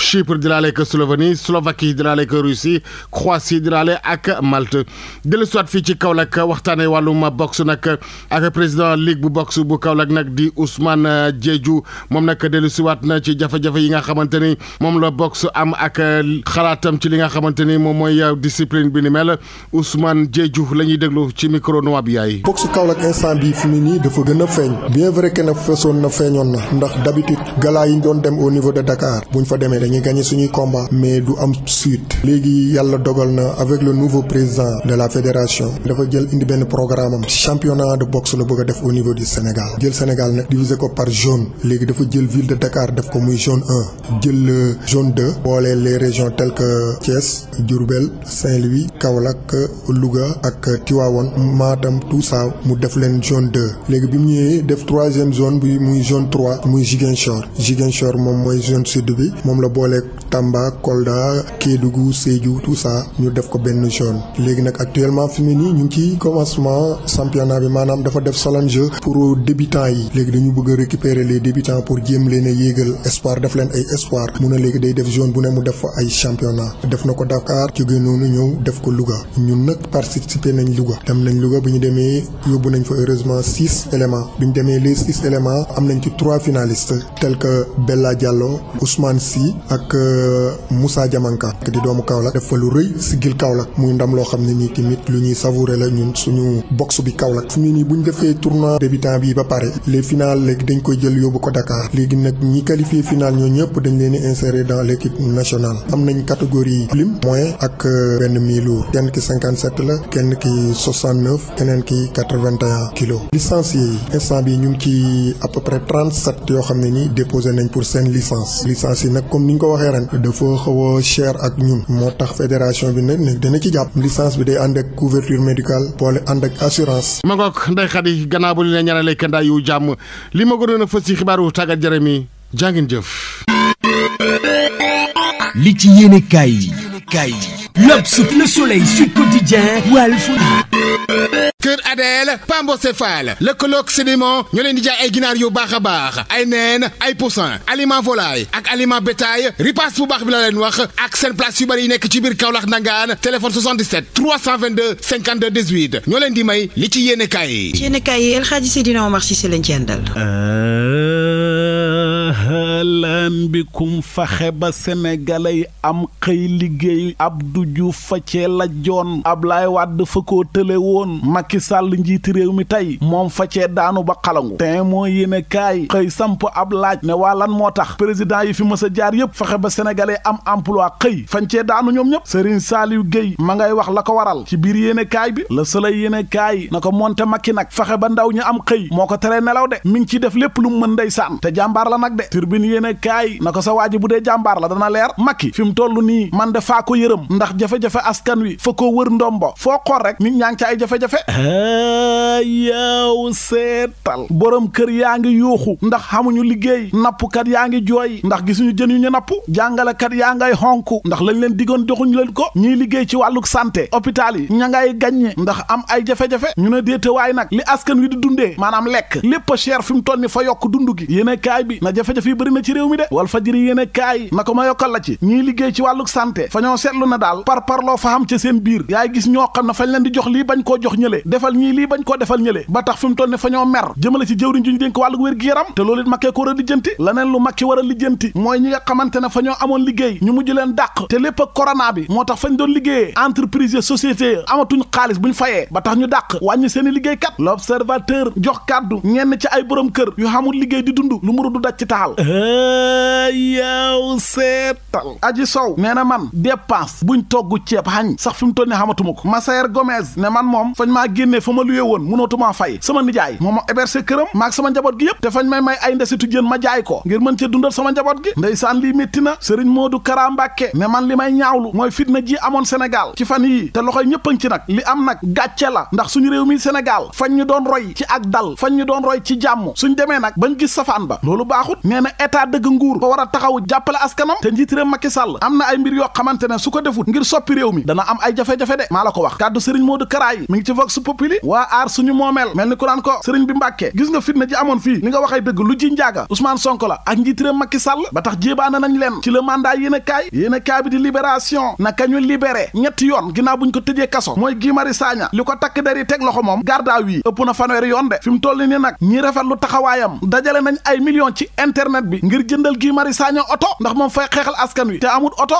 Chypre dinaale ak Slovénie Slovaquie dinaale ak Russie Croatie dinaale ak Malte dellu siwaat fii ci Kaolack waxtaanee wàllum boxe nag ak président ligue bu boxe bu Kaolack nag di Ousmane jeju moom nag dellu siwaat na ci jafe yi nga xamante ni moom la boxe am ak xalaatam ci li nga xamante ni moom mooy discipline bi ni mel Ousmane Diédhiou la ñuy déglu ci micro noa bi yaay. boxe Kaolack instant bii fi mu nii dafa gën a feeñ bien vrai que nag fesoon na feeñoon na ndax d'habitude gala yi ñu doon dem au niveau de Dakar bu ñu fa demee dañuy gagné suñuy combat mais du am suite léegi yàlla dogal na avec le nouveau président de la fédération dafa jël indi benn programme am championnat de boxe la bëgg def au niveau du Sénégal jël Sénégal nag diviser ko par zone léegi dafa jël ville de Dakar def ko muy zone un jël zone deux boole les région telles que Thiès Diourbel Saint-Louis Kaolack Louga ak Tivaouane Matam tout ça mu def leen zone deux léegi bi mu ñëwee def troisième zone bi muy zone trois muy Ziguinchor Ziguinchor moom mooy zone sud bi moom boole Tamba Kolda Kédougou Sédhiou tout ça ñu def ko benn zone léegi nag actuellement fi mu nii ñu ngi ci commencement championnat bi maanaam dafa def challenge pour débutants yi léegi dañu bëgg a récupérer les débutants pour jéem leen a yéegal espoir def leen ay espoir mu ne léegi day def zone bu ne mu def ay championnat def na ko Dakar jóge noonu ñëw def ko Louga ñun nag participer nañ Louga dem nañ Louga bi ñu demee yóbbu nañ fa heureusement six éléments bi ñu demee les six éléments am nañ ci trois finalistes tels que Bella Diallo Ousmane Sy ak euh, Moussa Diamanka di doomu Kaolack def fa lu rëy siggil Kaolack muy ndam loo xam ne nii tamit lu ñuy savouré la ñun suñu box bi Kaolack fu mu nii bu ñu defee tournoi débutant bi ba pare les finales léegi dañ koy jël yóbbu ko Dakar léegi nag ñi qualifié final ñoo ñëpp dañ leen di insérer dans l' équipe nationale am nañ catégorie lim moyen ak euh, benn mi lourd kenn ki 57 la kenn ki 69 keneen ki 81 kilos licencié yi instant bi ñu ngi ci à peu près 37 yoo xam ne nii déposé pour seen licence ni ñu ko waxee ren dafa xaw a cher ak ñun moo tax fédération bi ne ne dana ci jàpp licence bi day ànd ak couverture médicale boole ànd ak assurance. ma ngoog Ndeye Khady gannaaw bu ñu la ñaanalee kandaa yu jàmm li ma gënoon a fës ci xibaaru tàggat jërëm yi jàngin jëf. li ci yéene yi. yéenekaay yi L'Obs, Le Soleil, Sud Quotidien, Walf Kër Adel Pambo Céphale lëkkaloog sédiment ñoo leen di jaay ay ginaar yu baax a baax ay neen ay poussin aliment volaille ak aliment bétail ripaas bu baax bi la leen wax ak seen place yu bëri yi nekk ci biir Kaolack Ndangaan téléphone 77 322 52 18 ñoo leen di may li ci yéene kaay yi. yéene kaay yi El Hadji Seydina Omar Cissé ci àndal. ba sénégalais am xëy liggéey. liggéey Abdou Diouf fa cee la joon Ablaye Wade fa koo tële woon Macky sàll njiiti réew mi tey moom fa cee daanu ba xalangu te moo yéene kaay xëy samp ab laaj ne waa lan moo tax président yi fi mës sa jaar yépp fexe ba sénégalais am emploi xëy fañ cee daanu ñoom ñëpp Serigne Saliou Gueye ma ngay wax la ko waral ci biir yéene kaay bi la Soleil yéene kaay na ko monte Macky nag fexe ba ndaw ñu am xëy moo ko teree nelaw de mi ngi ciy def lépp lu mu mën ndeysaan te jàmbaar la nag de turbine yéene kaay na ko dee jàmbaar la ko yërëm ndax jafe-jafe askan wi fa ko wër ndombo foo xool rek nit ñaa ngi ay jafe-jafe ah, yow seetal borom kër yaa ngi yuuxu ndax xamuñu liggéey nappukat yaa ngi jooy ndax gisuñu jën yu ñu napp jàngalekat yaa ngay xonk ndax lañ leen diggoon joxuñu leen ko ñiy liggéey ci wàlluk santé hôpital yi ña ngay ndax am ay jafe-jafe ñu ne déetewaay nag li askan wi di dundee maanaam lekk lépp a cher fi mu toll ni fa yokk dund gi yéene kaay bi na jafe-jafe yi bëri na ci réew mi de wal fajiri yéene kaay na ko ma yokkal la ci liggéey ci wàlluk santé dañoo seetlu na daal par parloo fa xam ca seen biir yaay gis ñoo xam ne fañ leen di jox lii bañ koo jox ñële defal ñii lii bañ koo defal ñële ba tax fi mu toll ne fa ñoo mer jëmale ci jëwriñ ju ñu dénk wàllu wér gi yaram te loolu it ko war a lijjanti laneen lu makki war lijjanti mooy ñi nga xamante ne fa ñoo amoon liggéey ñu mujj leen dàq te lépp ak bi moo tax fañ doon liggéeyee entreprise société amatuñ xaalis bu buñ fayee ba tax ñu dàq wàññ seen i liggéeykat l'observateur jox kàddu ñenn ci ay borom kër yu xamul liggéey di dund lu muru du daj ci taxal yow seetal aji sow nee na man dépense buñ togg ceeb xañ sax fi mu toll ni xamatuma ko Massaer Gomez ne man moom fañ maa génnee fa ma luye woon mënootumaa fay sama nijaay moom a hébergé këram maag sama njaboot gi yëpp te fañ may may ay ndesitu jën ma jaay ko ngir mën cee dundal sama njaboot gi ndeysaan lii métti na Serigne Modou Kara Mbacké ne man li may ñaawlu mooy fitna ji amoon Sénégal ci fan yii te loxoy ñëpp ci nag li am nag gàcce la ndax suñu réew mi Sénégal fañ ñu doon roy ci ak dal doon ci jàmm suñ demee nag bañ gis safaan ba loolu baaxut nee na état dëgg nguur ko war a taxaw jàppale askanam te njiit réew Macky na ay mbir yoo xamante ne ne su ko defut ngir soppi réew mi dana am ay jafe-jafe de maa la ko wax kàddu sëriñ Modou Kara yi mi ngi ci vox populi waa aar suñu moomeel mel ni ku ko sëriñ bi Mbàkke gis nga fitna ji amoon fii li nga waxee dëgg lu ji njaaga Ousmane Sonko la ak njiit réew Sall ba tax jéebaana nañ leen ci le mandat yéen a kaay yéen a kaay bi di libération naka ñu libéré ñetti yoon ginnaaw buñ ko tëjee kaso mooy Guy Marius Sagna li ko takk der teg loxo moom garda wii ëpp na fanweeri yoon de fi mu toll ni nag ñi rafet lu taxawaayam dajale nañ ay millions ci internet bi ngir jëndal Guy Marius Sagna oto ndax moom fay xeexal askan te amul oto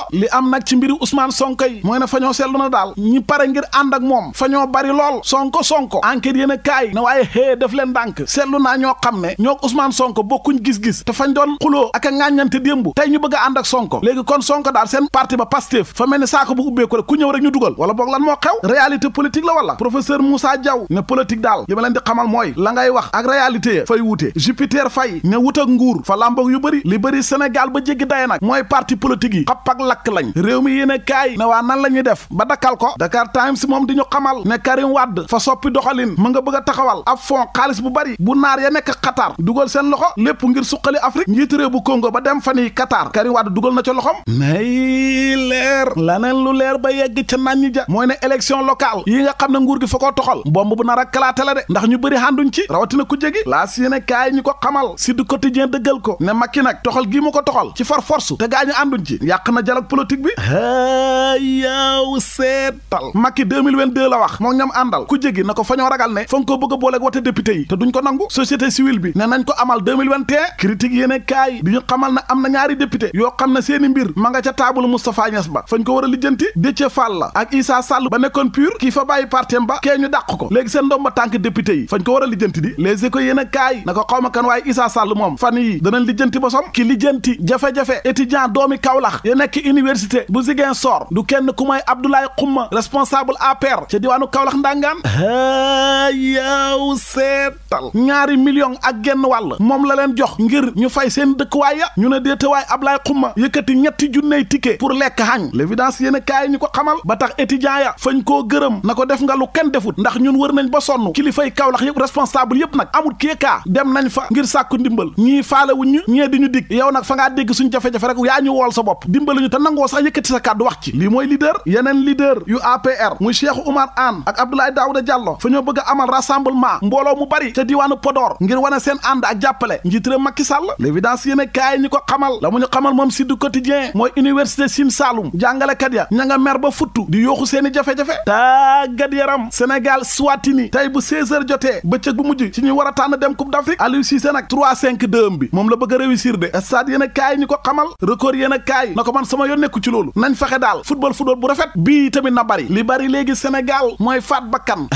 mbiri Ousmane Sonko yi mooy ne fa ñoo seetlu na daal ñi pare ngir ànd ak moom fa ñoo bari lool Sonko Sonko enquête yéen a kaay na waaye xée daf leen dànk naa ñoo xam ne ñoo Ousmane Sonko bokkuñ gis-gis te fañ doon xuloo ak a ŋàññante démb tey ñu bëgg a ànd ak Sonko léegi kon Sonko daal seen parti ba Pastef fa mel ni saako bu ubbeeku rek ku ñëw rek ñu dugal wala boog lan moo xew réalité politique la wala professeur Moussa Diaw ne politique daal yi ma xamal mooy la wax ak réalité fay wute Jupiter Fay ne wut nguur fa làmboog yu bëri li bëri Sénégal ba jéggi daye nag mooy parti politique yi xapp ak lakk lañ réew mi yéen a kaay ne waa nan la ñuy def ba dakkal ko Dakar Times moom di ñu xamal ne Karim Wade fa soppi doxalin mu nga bëgg a taxawal ab fond xaalis bu bari bu naar ya nekk Qatar dugal seen loxo lépp ngir suqali Afrique njiitu réew bu Congo ba dem fan yi Qatar Karim Wade dugal na ca loxom nay leer laneen lu leer ba yegg ca nañ ñi ja mooy ne élection locale yi nga xam ne nguur gi fa toxal bomb bu nar a kalaate la de ndax ñu bëri xànduñ ci rawatina ku jégi laas yéen a kaay ñu ko xamal si du quotidien dëggal ko ne Macky nag toxal gii mu ko toxal ci far force te gaañu ànduñ ci yàq na dialogue yaaw seetal Macky 2022 la wax moom ñam àndal ku jégi na ko fa ragal ne fa nga ko a booleeg wote député yi te duñ ko nangu société civile bi ne nañ ko amal 2021 critique yéene kaay di ñu xamal na am na ñaari député yoo xam ne seeni mbir ma nga ca taabul Moustapha Niass ba fañ ko war a lijjanti Déthié Fall la ak Issa Sall ba nekkoon pur kii fa bàyyi partem ba kee ñu dàq ko léegi seen ndomba tànk député yi fañ ko war a lijjanti di Les Échos yéene kaay na ko xaw ma kan waaye Issa Sall moom doomi Kaolack ya Ziguinchor du kenn ku may Abdoulaye Xumma responsable APR ca diwaanu Kaolack ndangaan a yaw seetal ñaari million ak genn wàll moom la leen jox ngir ñu fay seen dëkkuwaay ya ñu ne déetewaay Abdoulaye Xumma yëkkati ñetti junney ticket pour lekk xañ l'évidence yéen a kaay ñu ko xamal ba tax étudiant ya fañ koo gërëm na ko def nga lu kenn defut ndax ñun wër nañ ba sonn kilifay Kaolack yëpp responsable yëpp nag amul kéekaa dem nañ fa ngir sàkku ndimbal ñii faale wuñ ñu ñee di ñu dig yow nag fa ngaa dégg suñ jafe-jafe rek yaa ñu sa kàddu wax ci lii mooy leader yeneen leader yu APR muy Cheikh Oumar Anne ak Abdoulaye Daouda Diallo fa ñoo bëgg a amal rassemblement mbooloo mu bari ca diiwaanu Podor ngir wane seen ànd ak jàppale njiitere Macky Sall l'évidence yéen kaay ñi ko xamal la mu ñu xamal moom Sud Quotidien mooy université Sine saalum jàngalekat ya ña nga mer ba futtu di yooxu seeni jafe-jafe tàggat yaram Sénégal Swatini tey bu 16h jotee bëccëg bu mujj ci ñu war a tànn dem Coupe d'Afrique Aliou Cissé nag 3 moom la bëgg a réussir de ko xamal record yéen kaay na ko man sama yoon nekku ci loolu nañ fexe daal football football bu rafet bii tamit na bari li bari léegi Sénégal mooy faat bakkan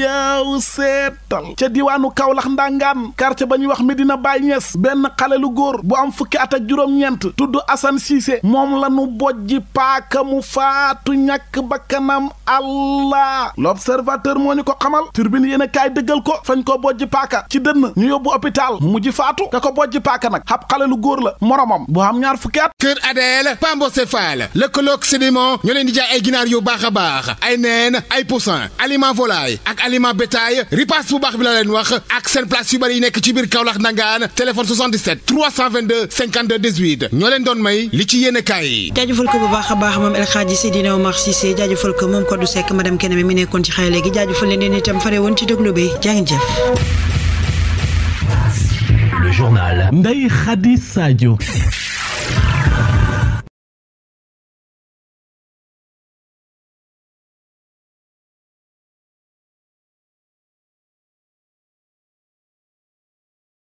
yaw seetal ca diwaanu Kaolack ndangaan quartier ba ñuy wax Medina Baye Niass benn xale lu góor bu am fukki at ak juróom-ñeent tudd Assane Cissé moom la nu bojji paaka mu faatu ñàkk bakkanam allah l'observateur moo ñu ko xamal turbine yéen a kaay dëggal ko fañ ko bojji paaka ci dënn ñu yóbbu hôpital mu ji faatu ka ko bojji paaka nag xab xale lu góor la moromam Sosé Fall lëkkaloog sédiment ñoo leen di jaay ay ginaar yu baax a baax ay neen ay poussin aliment volaille ak aliment bétail ripaas bu baax bi la leen wax ak seen place yu bëri yi nekk ci biir Kaolack Ndangaan téléphone 77 322 52 18 ñoo leen doon may li ci yéen a kaay. jaajëfal ko bu baax a baax moom El Hadji Seydina Omar Cissé jaajëfal ko moom Kodou Seck madame Keneme mi nekkoon ci xayma léegi jaajëfal leen itam fare woon ci déglu bi jàng jëf. Le journal